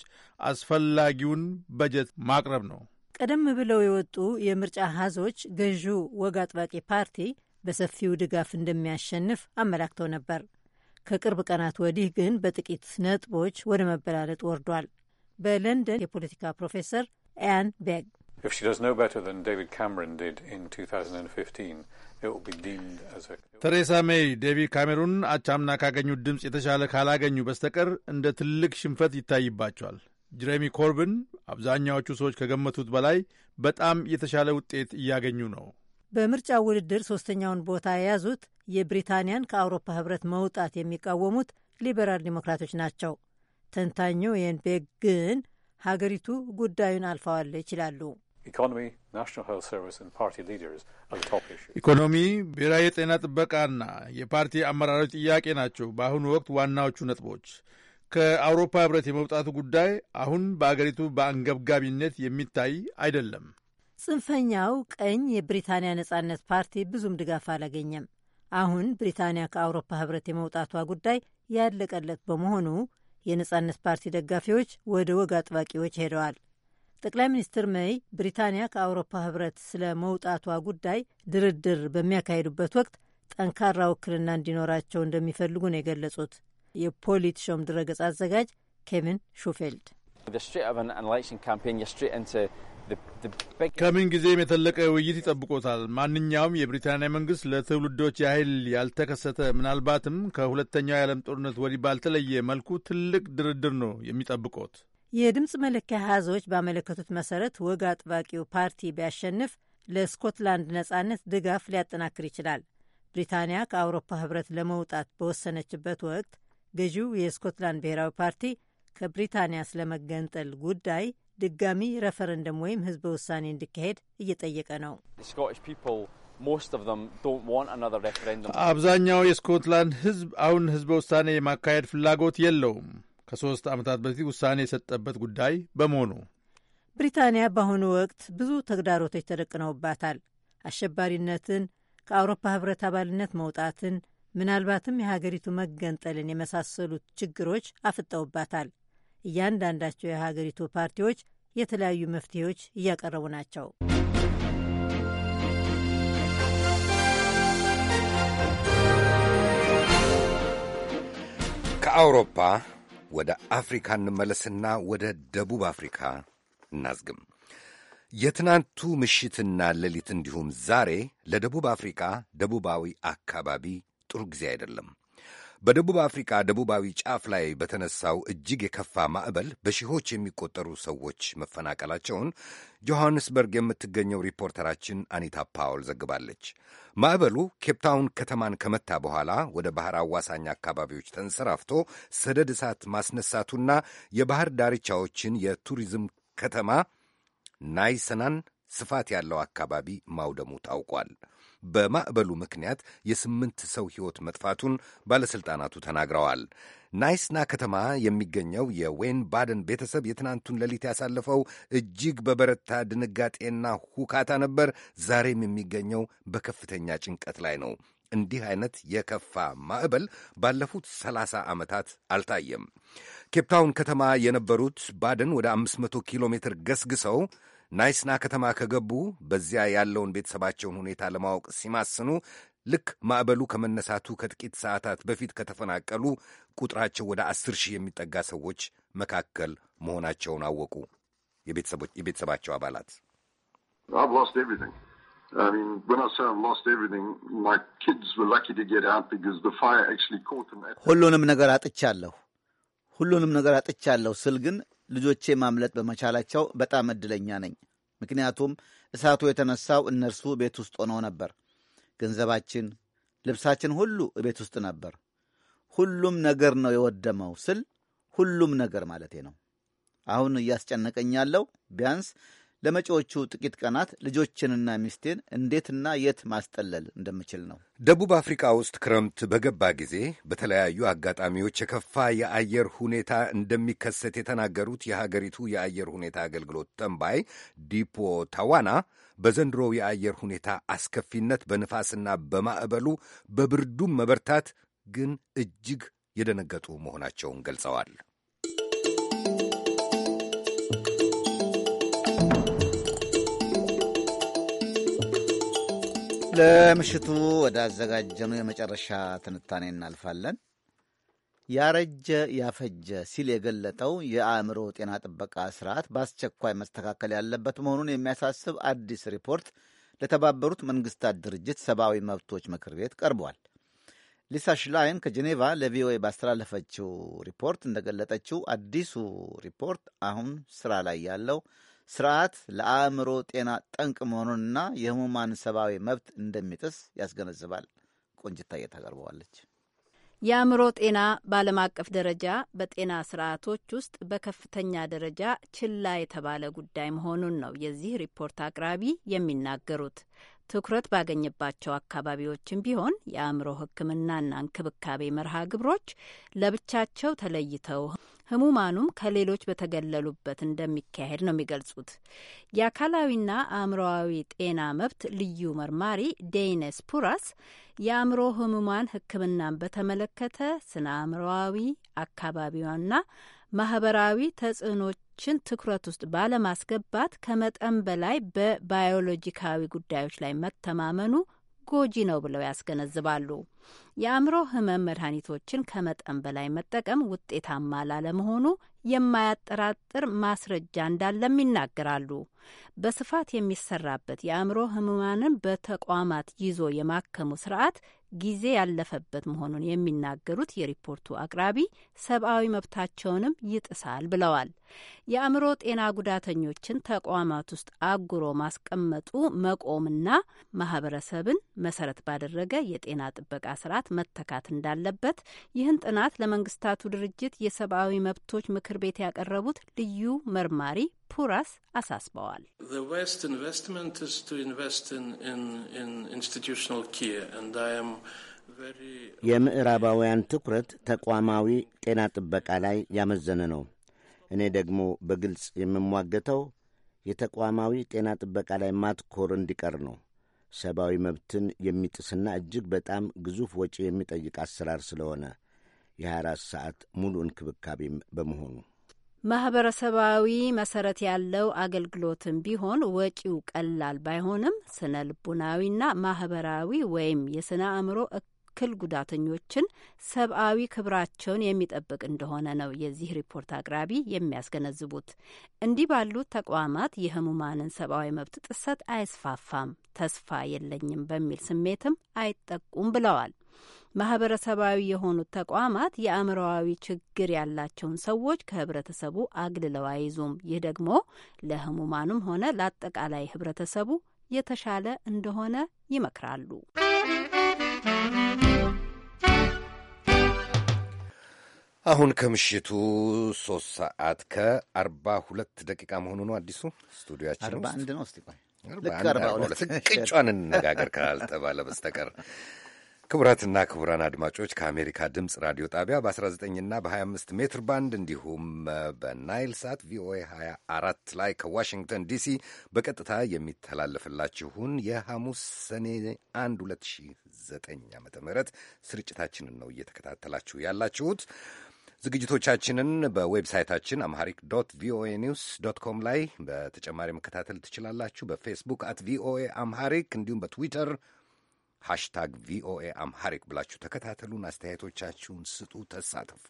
አስፈላጊውን በጀት ማቅረብ ነው። ቀደም ብለው የወጡ የምርጫ ሀዞች ገዢው ወግ አጥባቂ ፓርቲ በሰፊው ድጋፍ እንደሚያሸንፍ አመላክተው ነበር። ከቅርብ ቀናት ወዲህ ግን በጥቂት ነጥቦች ወደ መበላለጥ ወርዷል። በለንደን የፖለቲካ ፕሮፌሰር ኤያን ቤግ ተሬሳ ሜይ ዴቪድ ካሜሩን አቻምና ካገኙት ድምፅ የተሻለ ካላገኙ በስተቀር እንደ ትልቅ ሽንፈት ይታይባቸዋል። ጀረሚ ኮርብን አብዛኛዎቹ ሰዎች ከገመቱት በላይ በጣም የተሻለ ውጤት እያገኙ ነው። በምርጫ ውድድር ሶስተኛውን ቦታ የያዙት የብሪታንያን ከአውሮፓ ህብረት መውጣት የሚቃወሙት ሊበራል ዲሞክራቶች ናቸው። ተንታኙ የንቤግ ግን ሀገሪቱ ጉዳዩን አልፈዋለች ይላሉ። ኢኮኖሚ፣ ብሔራዊ የጤና ጥበቃና የፓርቲ አመራሮች ጥያቄ ናቸው በአሁኑ ወቅት ዋናዎቹ ነጥቦች። ከአውሮፓ ህብረት የመውጣቱ ጉዳይ አሁን በአገሪቱ በአንገብጋቢነት የሚታይ አይደለም። ጽንፈኛው ቀኝ የብሪታንያ ነጻነት ፓርቲ ብዙም ድጋፍ አላገኘም። አሁን ብሪታንያ ከአውሮፓ ህብረት የመውጣቷ ጉዳይ ያለቀለት በመሆኑ የነጻነት ፓርቲ ደጋፊዎች ወደ ወግ አጥባቂዎች ሄደዋል። ጠቅላይ ሚኒስትር መይ ብሪታንያ ከአውሮፓ ህብረት ስለ መውጣቷ ጉዳይ ድርድር በሚያካሂዱበት ወቅት ጠንካራ ውክልና እንዲኖራቸው እንደሚፈልጉ ነው የገለጹት። የፖሊት ሾም ድረገጽ አዘጋጅ ኬቪን ሹፌልድ ከምን ጊዜም የተለቀ ውይይት ይጠብቆታል። ማንኛውም የብሪታንያ መንግስት ለትውልዶች ያህል ያልተከሰተ ምናልባትም ከሁለተኛው የዓለም ጦርነት ወዲህ ባልተለየ መልኩ ትልቅ ድርድር ነው የሚጠብቆት። የድምፅ መለኪያ አሃዞች ባመለከቱት መሰረት ወግ አጥባቂው ፓርቲ ቢያሸንፍ ለስኮትላንድ ነጻነት ድጋፍ ሊያጠናክር ይችላል። ብሪታንያ ከአውሮፓ ህብረት ለመውጣት በወሰነችበት ወቅት ገዢው የስኮትላንድ ብሔራዊ ፓርቲ ከብሪታንያ ስለመገንጠል ጉዳይ ድጋሚ ረፈረንደም ወይም ህዝበ ውሳኔ እንዲካሄድ እየጠየቀ ነው። አብዛኛው የስኮትላንድ ህዝብ አሁን ህዝበ ውሳኔ የማካሄድ ፍላጎት የለውም፣ ከሶስት ዓመታት በፊት ውሳኔ የሰጠበት ጉዳይ በመሆኑ። ብሪታንያ በአሁኑ ወቅት ብዙ ተግዳሮቶች ተደቅነውባታል። አሸባሪነትን፣ ከአውሮፓ ህብረት አባልነት መውጣትን፣ ምናልባትም የሀገሪቱ መገንጠልን የመሳሰሉት ችግሮች አፍጠውባታል። እያንዳንዳቸው የሀገሪቱ ፓርቲዎች የተለያዩ መፍትሄዎች እያቀረቡ ናቸው። ከአውሮፓ ወደ አፍሪካ እንመለስና ወደ ደቡብ አፍሪካ እናዝግም። የትናንቱ ምሽትና ሌሊት እንዲሁም ዛሬ ለደቡብ አፍሪካ ደቡባዊ አካባቢ ጥሩ ጊዜ አይደለም። በደቡብ አፍሪካ ደቡባዊ ጫፍ ላይ በተነሳው እጅግ የከፋ ማዕበል በሺዎች የሚቆጠሩ ሰዎች መፈናቀላቸውን ጆሐንስበርግ የምትገኘው ሪፖርተራችን አኒታ ፓውል ዘግባለች። ማዕበሉ ኬፕታውን ከተማን ከመታ በኋላ ወደ ባህር አዋሳኝ አካባቢዎች ተንሰራፍቶ ሰደድ እሳት ማስነሳቱና የባህር ዳርቻዎችን የቱሪዝም ከተማ ናይሰናን ስፋት ያለው አካባቢ ማውደሙ ታውቋል። በማዕበሉ ምክንያት የስምንት ሰው ሕይወት መጥፋቱን ባለሥልጣናቱ ተናግረዋል። ናይስና ከተማ የሚገኘው የዌን ባደን ቤተሰብ የትናንቱን ሌሊት ያሳለፈው እጅግ በበረታ ድንጋጤና ሁካታ ነበር። ዛሬም የሚገኘው በከፍተኛ ጭንቀት ላይ ነው። እንዲህ አይነት የከፋ ማዕበል ባለፉት ሰላሳ ዓመታት አልታየም። ኬፕታውን ከተማ የነበሩት ባደን ወደ 500 ኪሎ ሜትር ገስግሰው ናይስና ከተማ ከገቡ በዚያ ያለውን ቤተሰባቸውን ሁኔታ ለማወቅ ሲማስኑ ልክ ማዕበሉ ከመነሳቱ ከጥቂት ሰዓታት በፊት ከተፈናቀሉ ቁጥራቸው ወደ አስር ሺህ የሚጠጋ ሰዎች መካከል መሆናቸውን አወቁ። የቤተሰባቸው አባላት ሁሉንም ነገር አጥቻለሁ። ሁሉንም ነገር አጥቻለሁ ስል ግን ልጆቼ ማምለጥ በመቻላቸው በጣም እድለኛ ነኝ። ምክንያቱም እሳቱ የተነሳው እነርሱ ቤት ውስጥ ሆነው ነበር። ገንዘባችን፣ ልብሳችን ሁሉ ቤት ውስጥ ነበር። ሁሉም ነገር ነው የወደመው ስል ሁሉም ነገር ማለቴ ነው። አሁን እያስጨነቀኝ ያለው ቢያንስ ለመጪዎቹ ጥቂት ቀናት ልጆችንና ሚስቴን እንዴትና የት ማስጠለል እንደምችል ነው። ደቡብ አፍሪካ ውስጥ ክረምት በገባ ጊዜ በተለያዩ አጋጣሚዎች የከፋ የአየር ሁኔታ እንደሚከሰት የተናገሩት የሀገሪቱ የአየር ሁኔታ አገልግሎት ተንባይ ዲፖ ታዋና በዘንድሮው የአየር ሁኔታ አስከፊነት በንፋስና በማዕበሉ በብርዱም መበርታት ግን እጅግ የደነገጡ መሆናቸውን ገልጸዋል። ለምሽቱ ወዳዘጋጀነው የመጨረሻ ትንታኔ እናልፋለን። ያረጀ ያፈጀ ሲል የገለጠው የአእምሮ ጤና ጥበቃ ስርዓት በአስቸኳይ መስተካከል ያለበት መሆኑን የሚያሳስብ አዲስ ሪፖርት ለተባበሩት መንግስታት ድርጅት ሰብአዊ መብቶች ምክር ቤት ቀርቧል። ሊሳ ሽላይን ከጄኔቫ ለቪኦኤ ባስተላለፈችው ሪፖርት እንደገለጠችው አዲሱ ሪፖርት አሁን ስራ ላይ ያለው ስርዓት ለአእምሮ ጤና ጠንቅ መሆኑንና የህሙማን ሰብአዊ መብት እንደሚጥስ ያስገነዝባል። ቆንጅታዬ ታቀርበዋለች። የአእምሮ ጤና በዓለም አቀፍ ደረጃ በጤና ስርዓቶች ውስጥ በከፍተኛ ደረጃ ችላ የተባለ ጉዳይ መሆኑን ነው የዚህ ሪፖርት አቅራቢ የሚናገሩት። ትኩረት ባገኘባቸው አካባቢዎችም ቢሆን የአእምሮ ሕክምናና እንክብካቤ መርሃ ግብሮች ለብቻቸው ተለይተው ህሙማኑም ከሌሎች በተገለሉበት እንደሚካሄድ ነው የሚገልጹት። የአካላዊና አእምሮዊ ጤና መብት ልዩ መርማሪ ዴይነስ ፑራስ የአእምሮ ህሙማን ህክምናን በተመለከተ ስነ አእምሮዊ አካባቢዋና ማህበራዊ ተጽዕኖችን ትኩረት ውስጥ ባለማስገባት ከመጠን በላይ በባዮሎጂካዊ ጉዳዮች ላይ መተማመኑ ጎጂ ነው ብለው ያስገነዝባሉ። የአእምሮ ህመም መድኃኒቶችን ከመጠን በላይ መጠቀም ውጤታማ ላለመሆኑ የማያጠራጥር ማስረጃ እንዳለም ይናገራሉ። በስፋት የሚሰራበት የአእምሮ ህሙማንን በተቋማት ይዞ የማከሙ ስርዓት ጊዜ ያለፈበት መሆኑን የሚናገሩት የሪፖርቱ አቅራቢ ሰብአዊ መብታቸውንም ይጥሳል ብለዋል። የአእምሮ ጤና ጉዳተኞችን ተቋማት ውስጥ አጉሮ ማስቀመጡ መቆምና ማህበረሰብን መሰረት ባደረገ የጤና ጥበቃ ስርዓት መተካት እንዳለበት ይህን ጥናት ለመንግስታቱ ድርጅት የሰብአዊ መብቶች ምክር ቤት ያቀረቡት ልዩ መርማሪ ፑራስ አሳስበዋል። የምዕራባውያን ትኩረት ተቋማዊ ጤና ጥበቃ ላይ ያመዘነ ነው። እኔ ደግሞ በግልጽ የምሟገተው የተቋማዊ ጤና ጥበቃ ላይ ማትኮር እንዲቀር ነው። ሰብአዊ መብትን የሚጥስና እጅግ በጣም ግዙፍ ወጪ የሚጠይቅ አሰራር ስለሆነ የ24 ሰዓት ሙሉ እንክብካቤም በመሆኑ ማህበረሰባዊ መሰረት ያለው አገልግሎትም ቢሆን ወጪው ቀላል ባይሆንም ስነ ልቡናዊና ማህበራዊ ወይም የስነ አእምሮ ያክል ጉዳተኞችን ሰብአዊ ክብራቸውን የሚጠብቅ እንደሆነ ነው የዚህ ሪፖርት አቅራቢ የሚያስገነዝቡት። እንዲህ ባሉት ተቋማት የህሙማንን ሰብአዊ መብት ጥሰት አይስፋፋም፣ ተስፋ የለኝም በሚል ስሜትም አይጠቁም ብለዋል። ማህበረሰባዊ የሆኑት ተቋማት የአእምሮዊ ችግር ያላቸውን ሰዎች ከህብረተሰቡ አግልለው አይዙም። ይህ ደግሞ ለህሙማኑም ሆነ ለአጠቃላይ ህብረተሰቡ የተሻለ እንደሆነ ይመክራሉ። አሁን ከምሽቱ ሶስት ሰዓት ከአርባ ሁለት ደቂቃ መሆኑ ነው። አዲሱ ስቱዲዮችን አንድ ነው። እስቲ ቆይ ቅጯን እንነጋገር ካልተባለ በስተቀር ክቡራትና ክቡራን አድማጮች ከአሜሪካ ድምፅ ራዲዮ ጣቢያ በ19ና በ25 ሜትር ባንድ እንዲሁም በናይል ሳት ቪኦኤ 24 ላይ ከዋሽንግተን ዲሲ በቀጥታ የሚተላለፍላችሁን የሐሙስ ሰኔ 1 2009 ዓ ም ስርጭታችንን ነው እየተከታተላችሁ ያላችሁት። ዝግጅቶቻችንን በዌብሳይታችን አምሃሪክ ዶት ቪኦኤ ኒውስ ዶት ኮም ላይ በተጨማሪ መከታተል ትችላላችሁ። በፌስቡክ አት ቪኦኤ አምሃሪክ እንዲሁም በትዊተር ሃሽታግ ቪኦኤ አምሃሪክ ብላችሁ ተከታተሉን። አስተያየቶቻችሁን ስጡ፣ ተሳተፉ።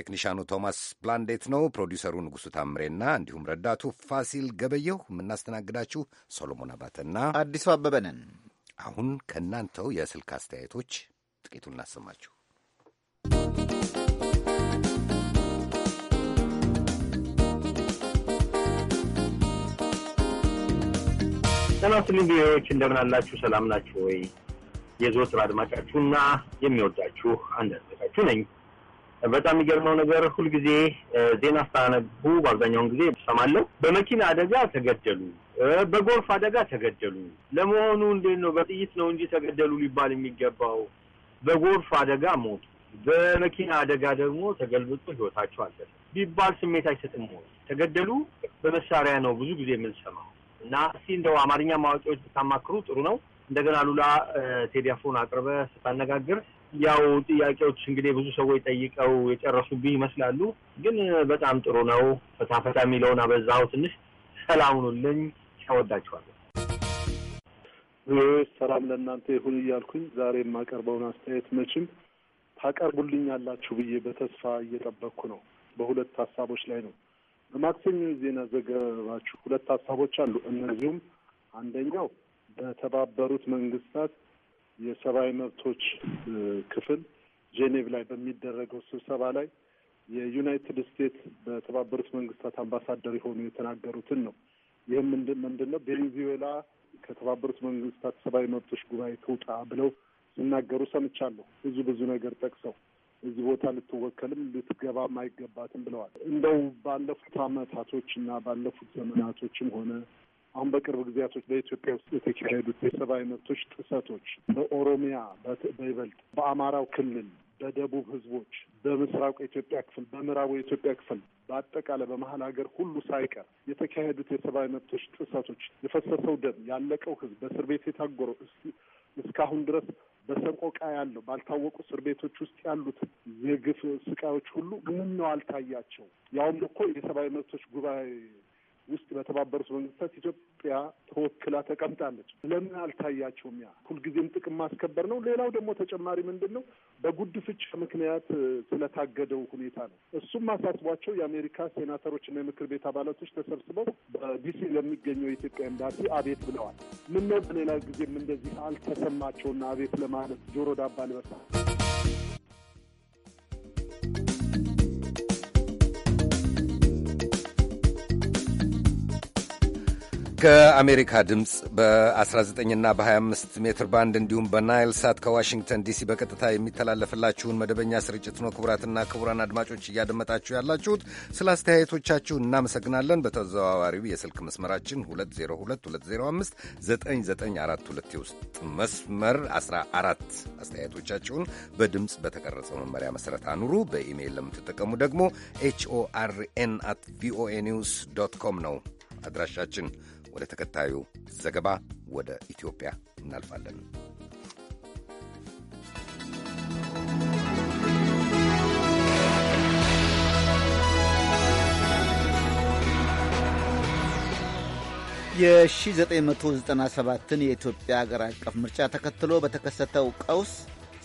ቴክኒሻኑ ቶማስ ብላንዴት ነው። ፕሮዲውሰሩ ንጉሡ ታምሬና እንዲሁም ረዳቱ ፋሲል ገበየሁ፣ የምናስተናግዳችሁ ሶሎሞን አባተና አዲሱ አበበ ነን። አሁን ከእናንተው የስልክ አስተያየቶች ጥቂቱን እናሰማችሁ። ጤና ይስጥልኝ ቪኦኤዎች፣ እንደምን አላችሁ? ሰላም ናችሁ ወይ? የዘወትር አድማጫችሁና የሚወዳችሁ አንድ አድማጫችሁ ነኝ። በጣም የሚገርመው ነገር ሁልጊዜ ዜና ስታነቡ በአብዛኛውን ጊዜ ሰማለሁ፣ በመኪና አደጋ ተገደሉ፣ በጎርፍ አደጋ ተገደሉ። ለመሆኑ እንዴት ነው? በጥይት ነው እንጂ ተገደሉ ሊባል የሚገባው። በጎርፍ አደጋ ሞቱ፣ በመኪና አደጋ ደግሞ ተገልብጦ ህይወታቸው አለፈ ቢባል ስሜት አይሰጥም። ሆነ ተገደሉ በመሳሪያ ነው ብዙ ጊዜ የምንሰማው እና እስቲ እንደው አማርኛ ማዋቂዎች ብታማክሩ ጥሩ ነው። እንደገና ሉላ ቴሌፎን አቅርበ ስታነጋግር ያው ጥያቄዎች እንግዲህ ብዙ ሰዎች ጠይቀው የጨረሱብኝ ይመስላሉ። ግን በጣም ጥሩ ነው። ፈታ ፈታ የሚለውን አበዛው ትንሽ። ሰላም ሁኑልኝ። ሰላም ለእናንተ ይሁን እያልኩኝ ዛሬ የማቀርበውን አስተያየት መቼም ታቀርቡልኝ ያላችሁ ብዬ በተስፋ እየጠበቅኩ ነው። በሁለት ሀሳቦች ላይ ነው። በማክሰኞ ዜና ዘገባችሁ ሁለት ሀሳቦች አሉ። እነዚሁም አንደኛው በተባበሩት መንግስታት የሰብአዊ መብቶች ክፍል ጄኔቭ ላይ በሚደረገው ስብሰባ ላይ የዩናይትድ ስቴትስ በተባበሩት መንግስታት አምባሳደር የሆኑ የተናገሩትን ነው። ይህም ምንድን ነው? ቬኔዙዌላ ከተባበሩት መንግስታት ሰብአዊ መብቶች ጉባኤ ትውጣ ብለው ሲናገሩ ሰምቻለሁ። ብዙ ብዙ ነገር ጠቅሰው እዚህ ቦታ ልትወከልም ልትገባም አይገባትም ብለዋል። እንደው ባለፉት አመታቶች እና ባለፉት ዘመናቶችም ሆነ አሁን በቅርብ ጊዜያቶች በኢትዮጵያ ውስጥ የተካሄዱት የሰብአዊ መብቶች ጥሰቶች በኦሮሚያ በይበልጥ በአማራው ክልል በደቡብ ህዝቦች፣ በምስራቁ የኢትዮጵያ ክፍል፣ በምዕራቡ የኢትዮጵያ ክፍል፣ በአጠቃላይ በመሀል ሀገር ሁሉ ሳይቀር የተካሄዱት የሰብአዊ መብቶች ጥሰቶች፣ የፈሰሰው ደም፣ ያለቀው ህዝብ፣ በእስር ቤት የታጎረው እስካሁን ድረስ በሰቆቃ ያለው ባልታወቁ እስር ቤቶች ውስጥ ያሉት የግፍ ስቃዮች ሁሉ ነው አልታያቸው? ያውም እኮ የሰብአዊ መብቶች ጉባኤ ውስጥ በተባበሩት መንግስታት ኢትዮጵያ ተወክላ ተቀምጣለች። ለምን አልታያቸውም? ያ ሁልጊዜም ጥቅም ማስከበር ነው። ሌላው ደግሞ ተጨማሪ ምንድን ነው በጉድ ፍቻ ምክንያት ስለታገደው ሁኔታ ነው። እሱም አሳስቧቸው የአሜሪካ ሴናተሮችና የምክር ቤት አባላቶች ተሰብስበው በዲሲ ለሚገኘው የኢትዮጵያ ኤምባሲ አቤት ብለዋል። ምነው በሌላ ጊዜም እንደዚህ አልተሰማቸውና አቤት ለማለት ጆሮ ዳባ ልበሳል። ከአሜሪካ ድምፅ በ19ና በ25 ሜትር ባንድ እንዲሁም በናይል ሳት ከዋሽንግተን ዲሲ በቀጥታ የሚተላለፍላችሁን መደበኛ ስርጭት ነው። ክቡራትና ክቡራን አድማጮች እያደመጣችሁ ያላችሁት ስለ አስተያየቶቻችሁ እናመሰግናለን። በተዘዋዋሪው የስልክ መስመራችን 2022059942 ውስጥ መስመር 14 አስተያየቶቻችሁን በድምፅ በተቀረጸው መመሪያ መሰረት አኑሩ። በኢሜይል ለምትጠቀሙ ደግሞ ኤችኦአርኤን አት ቪኦኤ ኒውስ ዶት ኮም ነው አድራሻችን። ወደ ተከታዩ ዘገባ ወደ ኢትዮጵያ እናልፋለን። የ1997ን የኢትዮጵያ አገር አቀፍ ምርጫ ተከትሎ በተከሰተው ቀውስ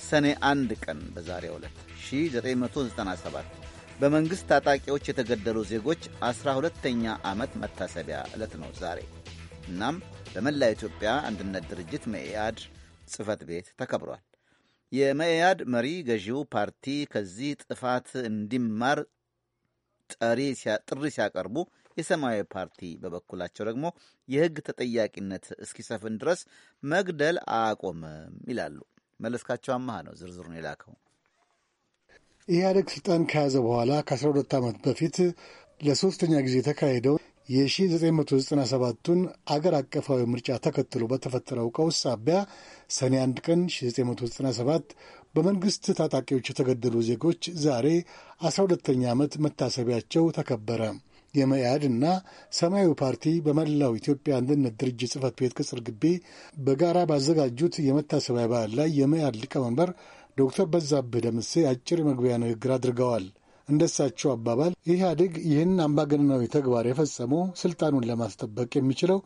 ሰኔ አንድ ቀን በዛሬው ዕለት 1997 በመንግሥት ታጣቂዎች የተገደሉ ዜጎች 12ተኛ ዓመት መታሰቢያ ዕለት ነው ዛሬ። እናም በመላ ኢትዮጵያ አንድነት ድርጅት መኢአድ ጽህፈት ቤት ተከብሯል። የመኢአድ መሪ ገዢው ፓርቲ ከዚህ ጥፋት እንዲማር ጥሪ ሲያቀርቡ የሰማያዊ ፓርቲ በበኩላቸው ደግሞ የህግ ተጠያቂነት እስኪሰፍን ድረስ መግደል አቆምም ይላሉ። መለስካቸው አመሃ ነው ዝርዝሩን የላከው። ኢህአደግ ስልጣን ከያዘ በኋላ ከ12 ዓመት በፊት ለሶስተኛ ጊዜ የተካሄደው የ1997ቱን አገር አቀፋዊ ምርጫ ተከትሎ በተፈጠረው ቀውስ ሳቢያ ሰኔ 1 ቀን 1997 በመንግሥት ታጣቂዎች የተገደሉ ዜጎች ዛሬ 12ኛ ዓመት መታሰቢያቸው ተከበረ። የመኢአድ እና ሰማያዊ ፓርቲ በመላው ኢትዮጵያ አንድነት ድርጅት ጽህፈት ቤት ቅጽር ግቢ በጋራ ባዘጋጁት የመታሰቢያ በዓል ላይ የመኢአድ ሊቀመንበር ዶክተር በዛብህ ደምሴ አጭር የመግቢያ ንግግር አድርገዋል። እንደሳቸው አባባል ኢህአዴግ ይህን አምባገነናዊ ተግባር የፈጸመው ስልጣኑን ለማስጠበቅ የሚችለው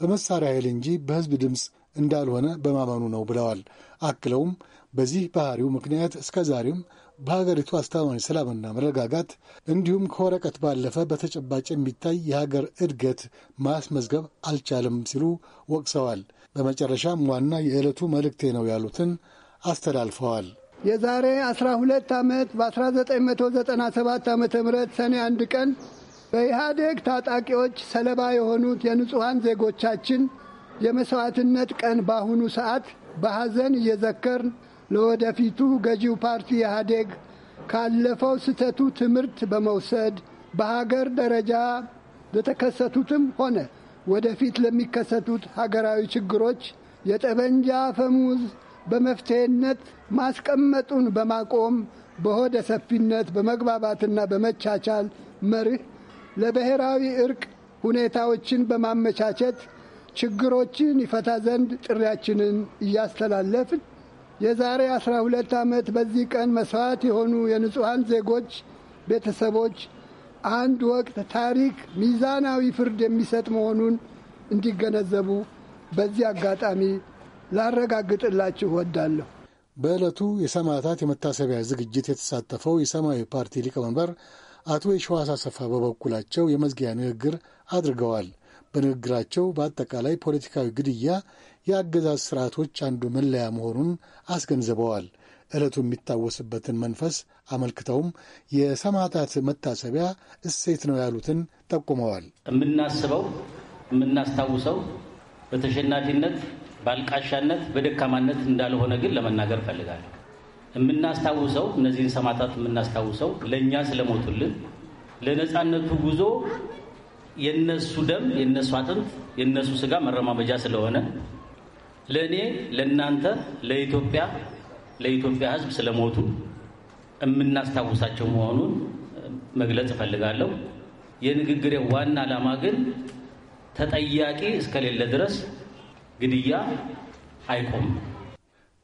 በመሳሪያ ኃይል እንጂ በህዝብ ድምፅ እንዳልሆነ በማመኑ ነው ብለዋል። አክለውም በዚህ ባህሪው ምክንያት እስከ ዛሬም በሀገሪቱ አስተማማኝ ሰላምና መረጋጋት እንዲሁም ከወረቀት ባለፈ በተጨባጭ የሚታይ የሀገር እድገት ማስመዝገብ አልቻለም ሲሉ ወቅሰዋል። በመጨረሻም ዋና የዕለቱ መልእክቴ ነው ያሉትን አስተላልፈዋል። የዛሬ 12 ዓመት በ1997 ዓ ም ሰኔ አንድ ቀን በኢህአዴግ ታጣቂዎች ሰለባ የሆኑት የንጹሐን ዜጎቻችን የመሥዋዕትነት ቀን በአሁኑ ሰዓት በሐዘን እየዘከርን ለወደፊቱ ገዢው ፓርቲ ኢህአዴግ ካለፈው ስህተቱ ትምህርት በመውሰድ በሀገር ደረጃ ለተከሰቱትም ሆነ ወደፊት ለሚከሰቱት ሀገራዊ ችግሮች የጠበንጃ ፈሙዝ። በመፍትሄነት ማስቀመጡን በማቆም በሆደ ሰፊነት በመግባባትና በመቻቻል መርህ ለብሔራዊ እርቅ ሁኔታዎችን በማመቻቸት ችግሮችን ይፈታ ዘንድ ጥሪያችንን እያስተላለፍን የዛሬ 12 ዓመት በዚህ ቀን መስዋዕት የሆኑ የንጹሐን ዜጎች ቤተሰቦች አንድ ወቅት ታሪክ ሚዛናዊ ፍርድ የሚሰጥ መሆኑን እንዲገነዘቡ በዚህ አጋጣሚ ላረጋግጥላችሁ ወዳለሁ በዕለቱ የሰማዕታት የመታሰቢያ ዝግጅት የተሳተፈው የሰማያዊ ፓርቲ ሊቀመንበር አቶ የሸዋስ አሰፋ በበኩላቸው የመዝጊያ ንግግር አድርገዋል። በንግግራቸው በአጠቃላይ ፖለቲካዊ ግድያ የአገዛዝ ስርዓቶች አንዱ መለያ መሆኑን አስገንዝበዋል። ዕለቱ የሚታወስበትን መንፈስ አመልክተውም የሰማዕታት መታሰቢያ እሴት ነው ያሉትን ጠቁመዋል። የምናስበው የምናስታውሰው በተሸናፊነት ባልቃሻነት በደካማነት እንዳልሆነ ግን ለመናገር እፈልጋለሁ። የምናስታውሰው እነዚህን ሰማዕታት የምናስታውሰው ለእኛ ስለሞቱልን ለነፃነቱ ጉዞ የነሱ ደም የነሱ አጥንት የነሱ ስጋ መረማመጃ ስለሆነ ለእኔ ለእናንተ ለኢትዮጵያ ለኢትዮጵያ ሕዝብ ስለሞቱ የምናስታውሳቸው መሆኑን መግለጽ እፈልጋለሁ። የንግግሬ ዋና ዓላማ ግን ተጠያቂ እስከሌለ ድረስ ግድያ አይቆምም።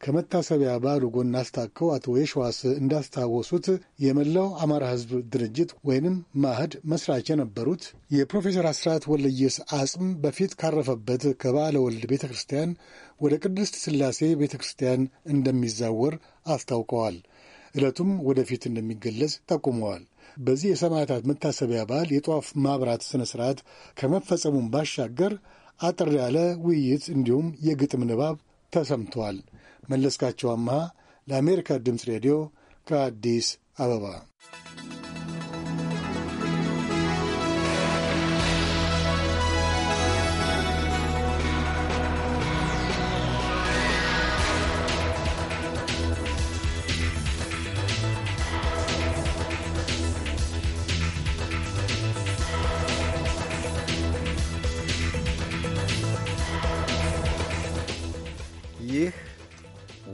ከመታሰቢያ በዓሉ ጎን አስታከው አቶ የሸዋስ እንዳስታወሱት የመላው አማራ ሕዝብ ድርጅት ወይንም ማህድ መስራች የነበሩት የፕሮፌሰር አስራት ወለየስ አጽም በፊት ካረፈበት ከባለወልድ ወልድ ቤተ ክርስቲያን ወደ ቅድስት ስላሴ ቤተ ክርስቲያን እንደሚዛወር አስታውቀዋል። ዕለቱም ወደፊት እንደሚገለጽ ጠቁመዋል። በዚህ የሰማዕታት መታሰቢያ በዓል የጧፍ ማብራት ሥነ ሥርዓት ከመፈጸሙም ባሻገር አጠር ያለ ውይይት እንዲሁም የግጥም ንባብ ተሰምተዋል። መለስካቸው አመሃ ለአሜሪካ ድምፅ ሬዲዮ ከአዲስ አበባ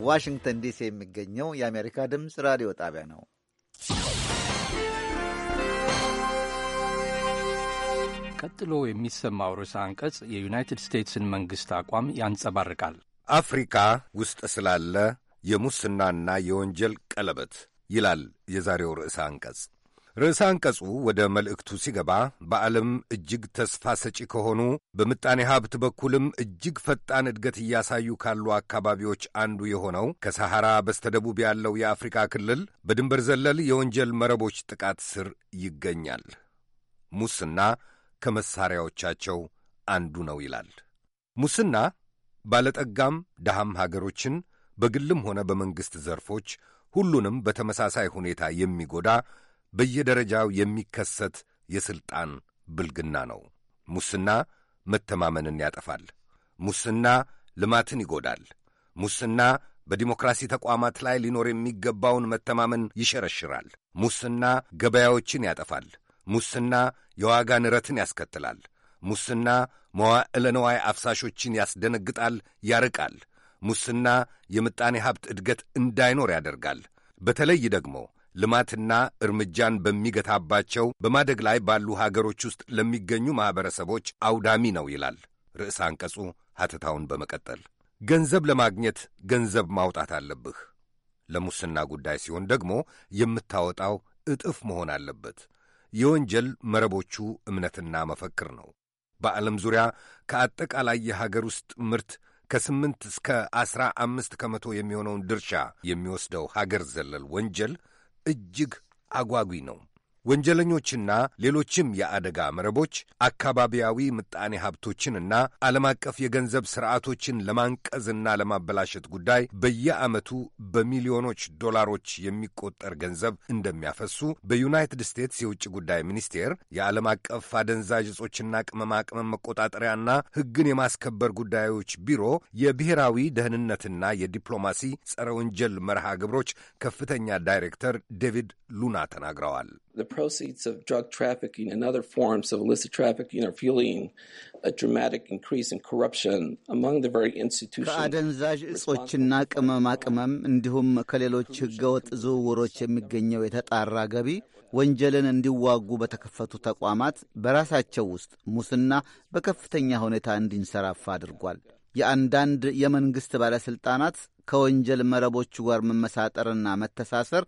ዋሽንግተን ዲሲ የሚገኘው የአሜሪካ ድምፅ ራዲዮ ጣቢያ ነው። ቀጥሎ የሚሰማው ርዕሰ አንቀጽ የዩናይትድ ስቴትስን መንግሥት አቋም ያንጸባርቃል። አፍሪካ ውስጥ ስላለ የሙስናና የወንጀል ቀለበት ይላል የዛሬው ርዕሰ አንቀጽ። ርዕሰ አንቀጹ ወደ መልእክቱ ሲገባ በዓለም እጅግ ተስፋ ሰጪ ከሆኑ በምጣኔ ሀብት በኩልም እጅግ ፈጣን እድገት እያሳዩ ካሉ አካባቢዎች አንዱ የሆነው ከሰሐራ በስተደቡብ ያለው የአፍሪካ ክልል በድንበር ዘለል የወንጀል መረቦች ጥቃት ስር ይገኛል። ሙስና ከመሳሪያዎቻቸው አንዱ ነው ይላል። ሙስና ባለጠጋም ደሃም ሀገሮችን በግልም ሆነ በመንግሥት ዘርፎች ሁሉንም በተመሳሳይ ሁኔታ የሚጎዳ በየደረጃው የሚከሰት የሥልጣን ብልግና ነው። ሙስና መተማመንን ያጠፋል። ሙስና ልማትን ይጎዳል። ሙስና በዲሞክራሲ ተቋማት ላይ ሊኖር የሚገባውን መተማመን ይሸረሽራል። ሙስና ገበያዎችን ያጠፋል። ሙስና የዋጋ ንረትን ያስከትላል። ሙስና መዋዕለ ነዋይ አፍሳሾችን ያስደነግጣል፣ ያርቃል። ሙስና የምጣኔ ሀብት እድገት እንዳይኖር ያደርጋል። በተለይ ደግሞ ልማትና እርምጃን በሚገታባቸው በማደግ ላይ ባሉ ሀገሮች ውስጥ ለሚገኙ ማኅበረሰቦች አውዳሚ ነው ይላል ርዕሰ አንቀጹ ሐተታውን በመቀጠል ገንዘብ ለማግኘት ገንዘብ ማውጣት አለብህ። ለሙስና ጉዳይ ሲሆን ደግሞ የምታወጣው እጥፍ መሆን አለበት። የወንጀል መረቦቹ እምነትና መፈክር ነው። በዓለም ዙሪያ ከአጠቃላይ የሀገር ውስጥ ምርት ከስምንት እስከ ዐሥራ አምስት ከመቶ የሚሆነውን ድርሻ የሚወስደው ሀገር ዘለል ወንጀል እጅግ አጓጊ ነው። ወንጀለኞችና ሌሎችም የአደጋ መረቦች አካባቢያዊ ምጣኔ ሀብቶችንና ዓለም አቀፍ የገንዘብ ስርዓቶችን ለማንቀዝና ለማበላሸት ጉዳይ በየዓመቱ በሚሊዮኖች ዶላሮች የሚቆጠር ገንዘብ እንደሚያፈሱ በዩናይትድ ስቴትስ የውጭ ጉዳይ ሚኒስቴር የዓለም አቀፍ አደንዛዥ እጾችና ቅመማ ቅመም መቆጣጠሪያና ሕግን የማስከበር ጉዳዮች ቢሮ የብሔራዊ ደህንነትና የዲፕሎማሲ ጸረ ወንጀል መርሃ ግብሮች ከፍተኛ ዳይሬክተር ዴቪድ ሉና ተናግረዋል። proceeds of drug trafficking and other forms of illicit trafficking are fueling a dramatic increase in corruption among the very institutions. ከአደንዛዥ እጾችና ቅመማ ቅመም እንዲሁም ከሌሎች ህገወጥ ዝውውሮች የሚገኘው የተጣራ ገቢ ወንጀልን እንዲዋጉ በተከፈቱ ተቋማት በራሳቸው ውስጥ ሙስና በከፍተኛ ሁኔታ እንዲንሰራፋ አድርጓል። የአንዳንድ የመንግሥት ባለሥልጣናት ከወንጀል መረቦቹ ጋር መመሳጠርና መተሳሰር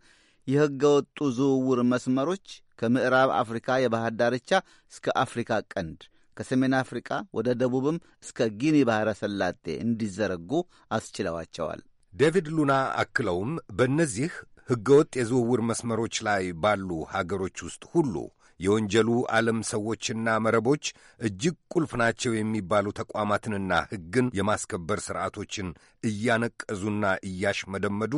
የሕገ ወጡ ዝውውር መስመሮች ከምዕራብ አፍሪካ የባህር ዳርቻ እስከ አፍሪካ ቀንድ ከሰሜን አፍሪካ ወደ ደቡብም እስከ ጊኒ ባሕረ ሰላጤ እንዲዘረጉ አስችለዋቸዋል። ዴቪድ ሉና አክለውም በእነዚህ ሕገወጥ የዝውውር መስመሮች ላይ ባሉ ሀገሮች ውስጥ ሁሉ የወንጀሉ ዓለም ሰዎችና መረቦች እጅግ ቁልፍ ናቸው የሚባሉ ተቋማትንና ሕግን የማስከበር ሥርዓቶችን እያነቀዙና እያሽመደመዱ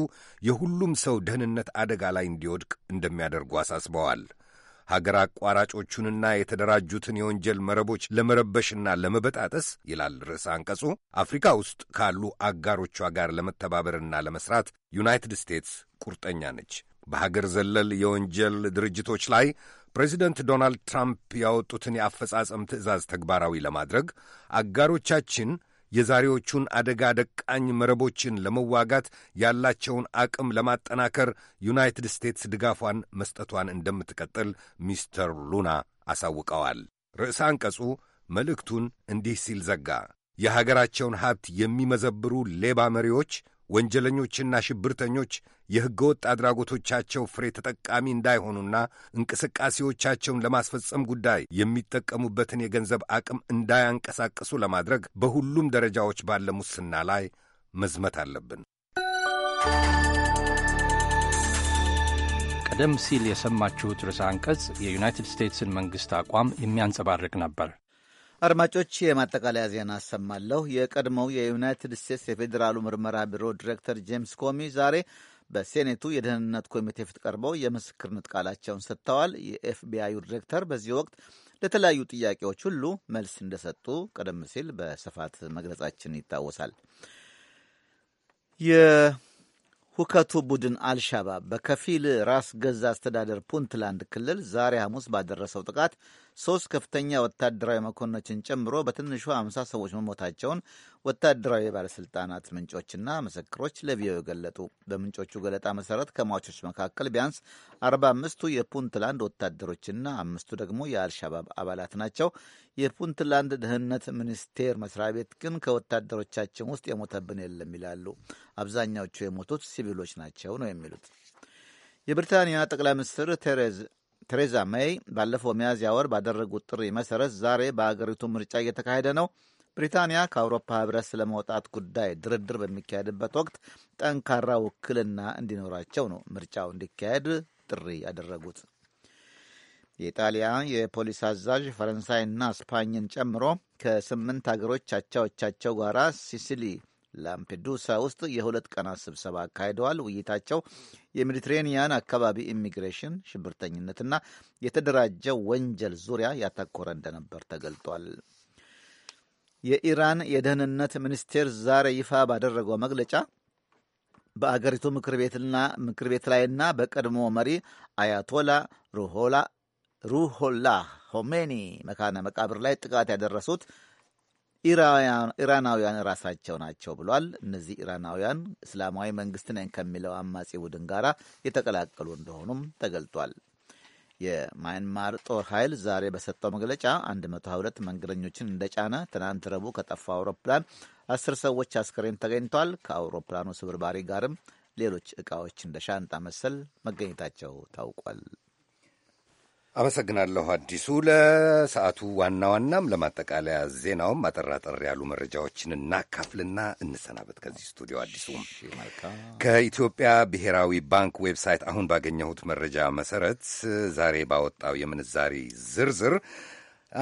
የሁሉም ሰው ደህንነት አደጋ ላይ እንዲወድቅ እንደሚያደርጉ አሳስበዋል። ሀገር አቋራጮቹንና የተደራጁትን የወንጀል መረቦች ለመረበሽና ለመበጣጠስ ይላል ርዕሰ አንቀጹ፣ አፍሪካ ውስጥ ካሉ አጋሮቿ ጋር ለመተባበርና ለመስራት ዩናይትድ ስቴትስ ቁርጠኛ ነች። በሀገር ዘለል የወንጀል ድርጅቶች ላይ ፕሬዚደንት ዶናልድ ትራምፕ ያወጡትን የአፈጻጸም ትዕዛዝ ተግባራዊ ለማድረግ አጋሮቻችን የዛሬዎቹን አደጋ ደቃኝ መረቦችን ለመዋጋት ያላቸውን አቅም ለማጠናከር ዩናይትድ ስቴትስ ድጋፏን መስጠቷን እንደምትቀጥል ሚስተር ሉና አሳውቀዋል። ርዕሰ አንቀጹ መልእክቱን እንዲህ ሲል ዘጋ። የሀገራቸውን ሀብት የሚመዘብሩ ሌባ መሪዎች ወንጀለኞችና ሽብርተኞች ወጥ አድራጎቶቻቸው ፍሬ ተጠቃሚ እንዳይሆኑና እንቅስቃሴዎቻቸውን ለማስፈጸም ጉዳይ የሚጠቀሙበትን የገንዘብ አቅም እንዳያንቀሳቅሱ ለማድረግ በሁሉም ደረጃዎች ባለ ሙስና ላይ መዝመት አለብን። ቀደም ሲል የሰማችሁት ርዕሰ አንቀጽ የዩናይትድ ስቴትስን መንግሥት አቋም የሚያንጸባርቅ ነበር። አድማጮች የማጠቃለያ ዜና አሰማለሁ። የቀድሞው የዩናይትድ ስቴትስ የፌዴራሉ ምርመራ ቢሮ ዲሬክተር ጄምስ ኮሚ ዛሬ በሴኔቱ የደህንነት ኮሚቴ ፊት ቀርበው የምስክርነት ቃላቸውን ሰጥተዋል። የኤፍቢአዩ ዲሬክተር በዚህ ወቅት ለተለያዩ ጥያቄዎች ሁሉ መልስ እንደሰጡ ቀደም ሲል በስፋት መግለጻችን ይታወሳል። የሁከቱ ቡድን አልሻባብ በከፊል ራስ ገዛ አስተዳደር ፑንትላንድ ክልል ዛሬ ሐሙስ ባደረሰው ጥቃት ሶስት ከፍተኛ ወታደራዊ መኮንኖችን ጨምሮ በትንሹ አምሳ ሰዎች መሞታቸውን ወታደራዊ ባለስልጣናት ምንጮችና ምስክሮች ለቪኦኤ ገለጡ። በምንጮቹ ገለጣ መሠረት ከሟቾች መካከል ቢያንስ አርባ አምስቱ የፑንትላንድ ወታደሮችና አምስቱ ደግሞ የአልሻባብ አባላት ናቸው። የፑንትላንድ ደህንነት ሚኒስቴር መስሪያ ቤት ግን ከወታደሮቻችን ውስጥ የሞተብን የለም ይላሉ። አብዛኛዎቹ የሞቱት ሲቪሎች ናቸው ነው የሚሉት። የብሪታንያ ጠቅላይ ሚኒስትር ቴሬዝ ቴሬዛ ሜይ ባለፈው ሚያዝያ ወር ባደረጉት ጥሪ መሰረት ዛሬ በአገሪቱ ምርጫ እየተካሄደ ነው። ብሪታንያ ከአውሮፓ ህብረት ስለመውጣት ጉዳይ ድርድር በሚካሄድበት ወቅት ጠንካራ ውክልና እንዲኖራቸው ነው ምርጫው እንዲካሄድ ጥሪ ያደረጉት። የኢጣሊያ የፖሊስ አዛዥ ፈረንሳይና ስፓኝን ጨምሮ ከስምንት አገሮች አቻዎቻቸው ጋር ሲሲሊ ላምፔዱሳ ውስጥ የሁለት ቀናት ስብሰባ አካሂደዋል። ውይይታቸው የሜዲትሬኒያን አካባቢ ኢሚግሬሽን፣ ሽብርተኝነትና የተደራጀ ወንጀል ዙሪያ ያተኮረ እንደነበር ተገልጧል። የኢራን የደህንነት ሚኒስቴር ዛሬ ይፋ ባደረገው መግለጫ በአገሪቱ ምክር ቤት ላይና በቀድሞ መሪ አያቶላ ሩሆላ ሩሆላ ሆሜኒ መካነ መቃብር ላይ ጥቃት ያደረሱት ኢራናውያን ራሳቸው ናቸው ብሏል። እነዚህ ኢራናውያን እስላማዊ መንግስት ነን ከሚለው አማጺ ቡድን ጋር የተቀላቀሉ እንደሆኑም ተገልጧል። የማያንማር ጦር ኃይል ዛሬ በሰጠው መግለጫ 122 መንገደኞችን እንደጫነ ትናንት ረቡዕ ከጠፋ አውሮፕላን አስር ሰዎች አስክሬን ተገኝቷል። ከአውሮፕላኑ ስብርባሪ ጋርም ሌሎች ዕቃዎች እንደ ሻንጣ መሰል መገኘታቸው ታውቋል። አመሰግናለሁ አዲሱ። ለሰዓቱ ዋና ዋናም ለማጠቃለያ ዜናውም አጠራጠር ያሉ መረጃዎችን እናካፍልና እንሰናበት ከዚህ ስቱዲዮ። አዲሱ ከኢትዮጵያ ብሔራዊ ባንክ ዌብሳይት አሁን ባገኘሁት መረጃ መሰረት ዛሬ ባወጣው የምንዛሪ ዝርዝር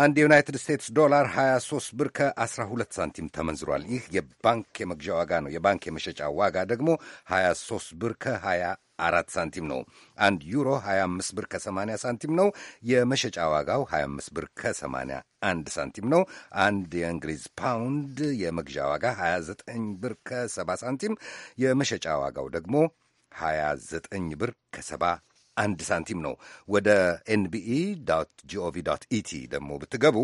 አንድ የዩናይትድ ስቴትስ ዶላር 23 ብር ከ12 ሳንቲም ተመንዝሯል። ይህ የባንክ የመግዣ ዋጋ ነው። የባንክ የመሸጫ ዋጋ ደግሞ 23 ብር ከ20 አራት ሳንቲም ነው። አንድ ዩሮ 25 ብር ከ80 ሳንቲም ነው። የመሸጫ ዋጋው 25 ብር ከ81 ሳንቲም ነው። አንድ የእንግሊዝ ፓውንድ የመግዣ ዋጋ 29 ብር ከ70 ሳንቲም፣ የመሸጫ ዋጋው ደግሞ 29 ብር ከ70 አንድ ሳንቲም ነው። ወደ ኤንቢኢ ጂኦቪ ኢቲ ደግሞ ብትገቡ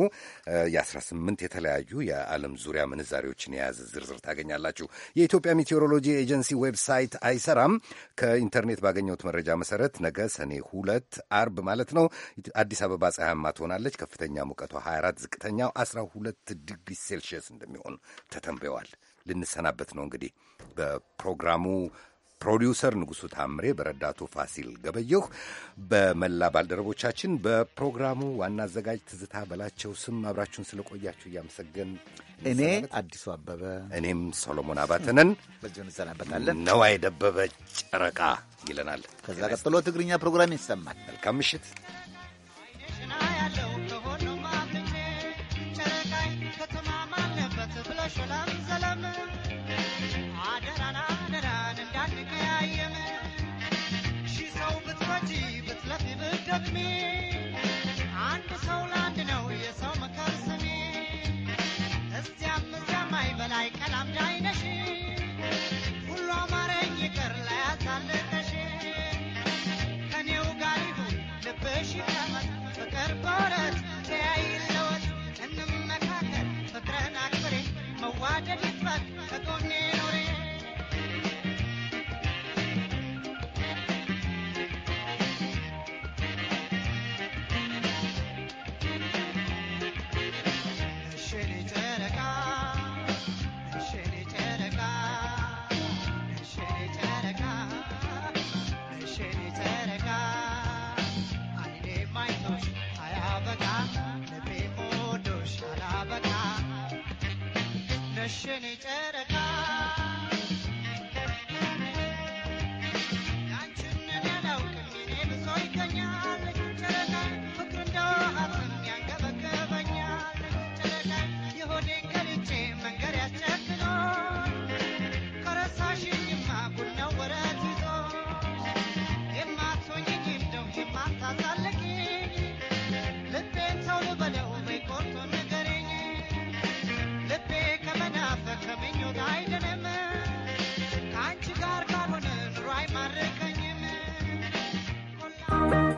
የ18 የተለያዩ የዓለም ዙሪያ ምንዛሪዎችን የያዘ ዝርዝር ታገኛላችሁ። የኢትዮጵያ ሜቴዎሮሎጂ ኤጀንሲ ዌብሳይት አይሰራም። ከኢንተርኔት ባገኘሁት መረጃ መሰረት ነገ ሰኔ ሁለት አርብ ማለት ነው አዲስ አበባ ፀሐያማ ትሆናለች። ከፍተኛ ሙቀቷ 24፣ ዝቅተኛው 12 ዲግሪ ሴልሺየስ እንደሚሆን ተተንብየዋል። ልንሰናበት ነው እንግዲህ በፕሮግራሙ ፕሮዲውሰር ንጉሡ ታምሬ፣ በረዳቱ ፋሲል ገበየሁ፣ በመላ ባልደረቦቻችን፣ በፕሮግራሙ ዋና አዘጋጅ ትዝታ በላቸው ስም አብራችሁን ስለቆያችሁ እያመሰገን እኔ አዲሱ አበበ እኔም ሶሎሞን አባተነን በዚሁ እንሰናበታለን። ነዋይ ደበበ ጨረቃ ይለናል። ከዛ ቀጥሎ ትግርኛ ፕሮግራም ይሰማል። መልካም ምሽት። Russian.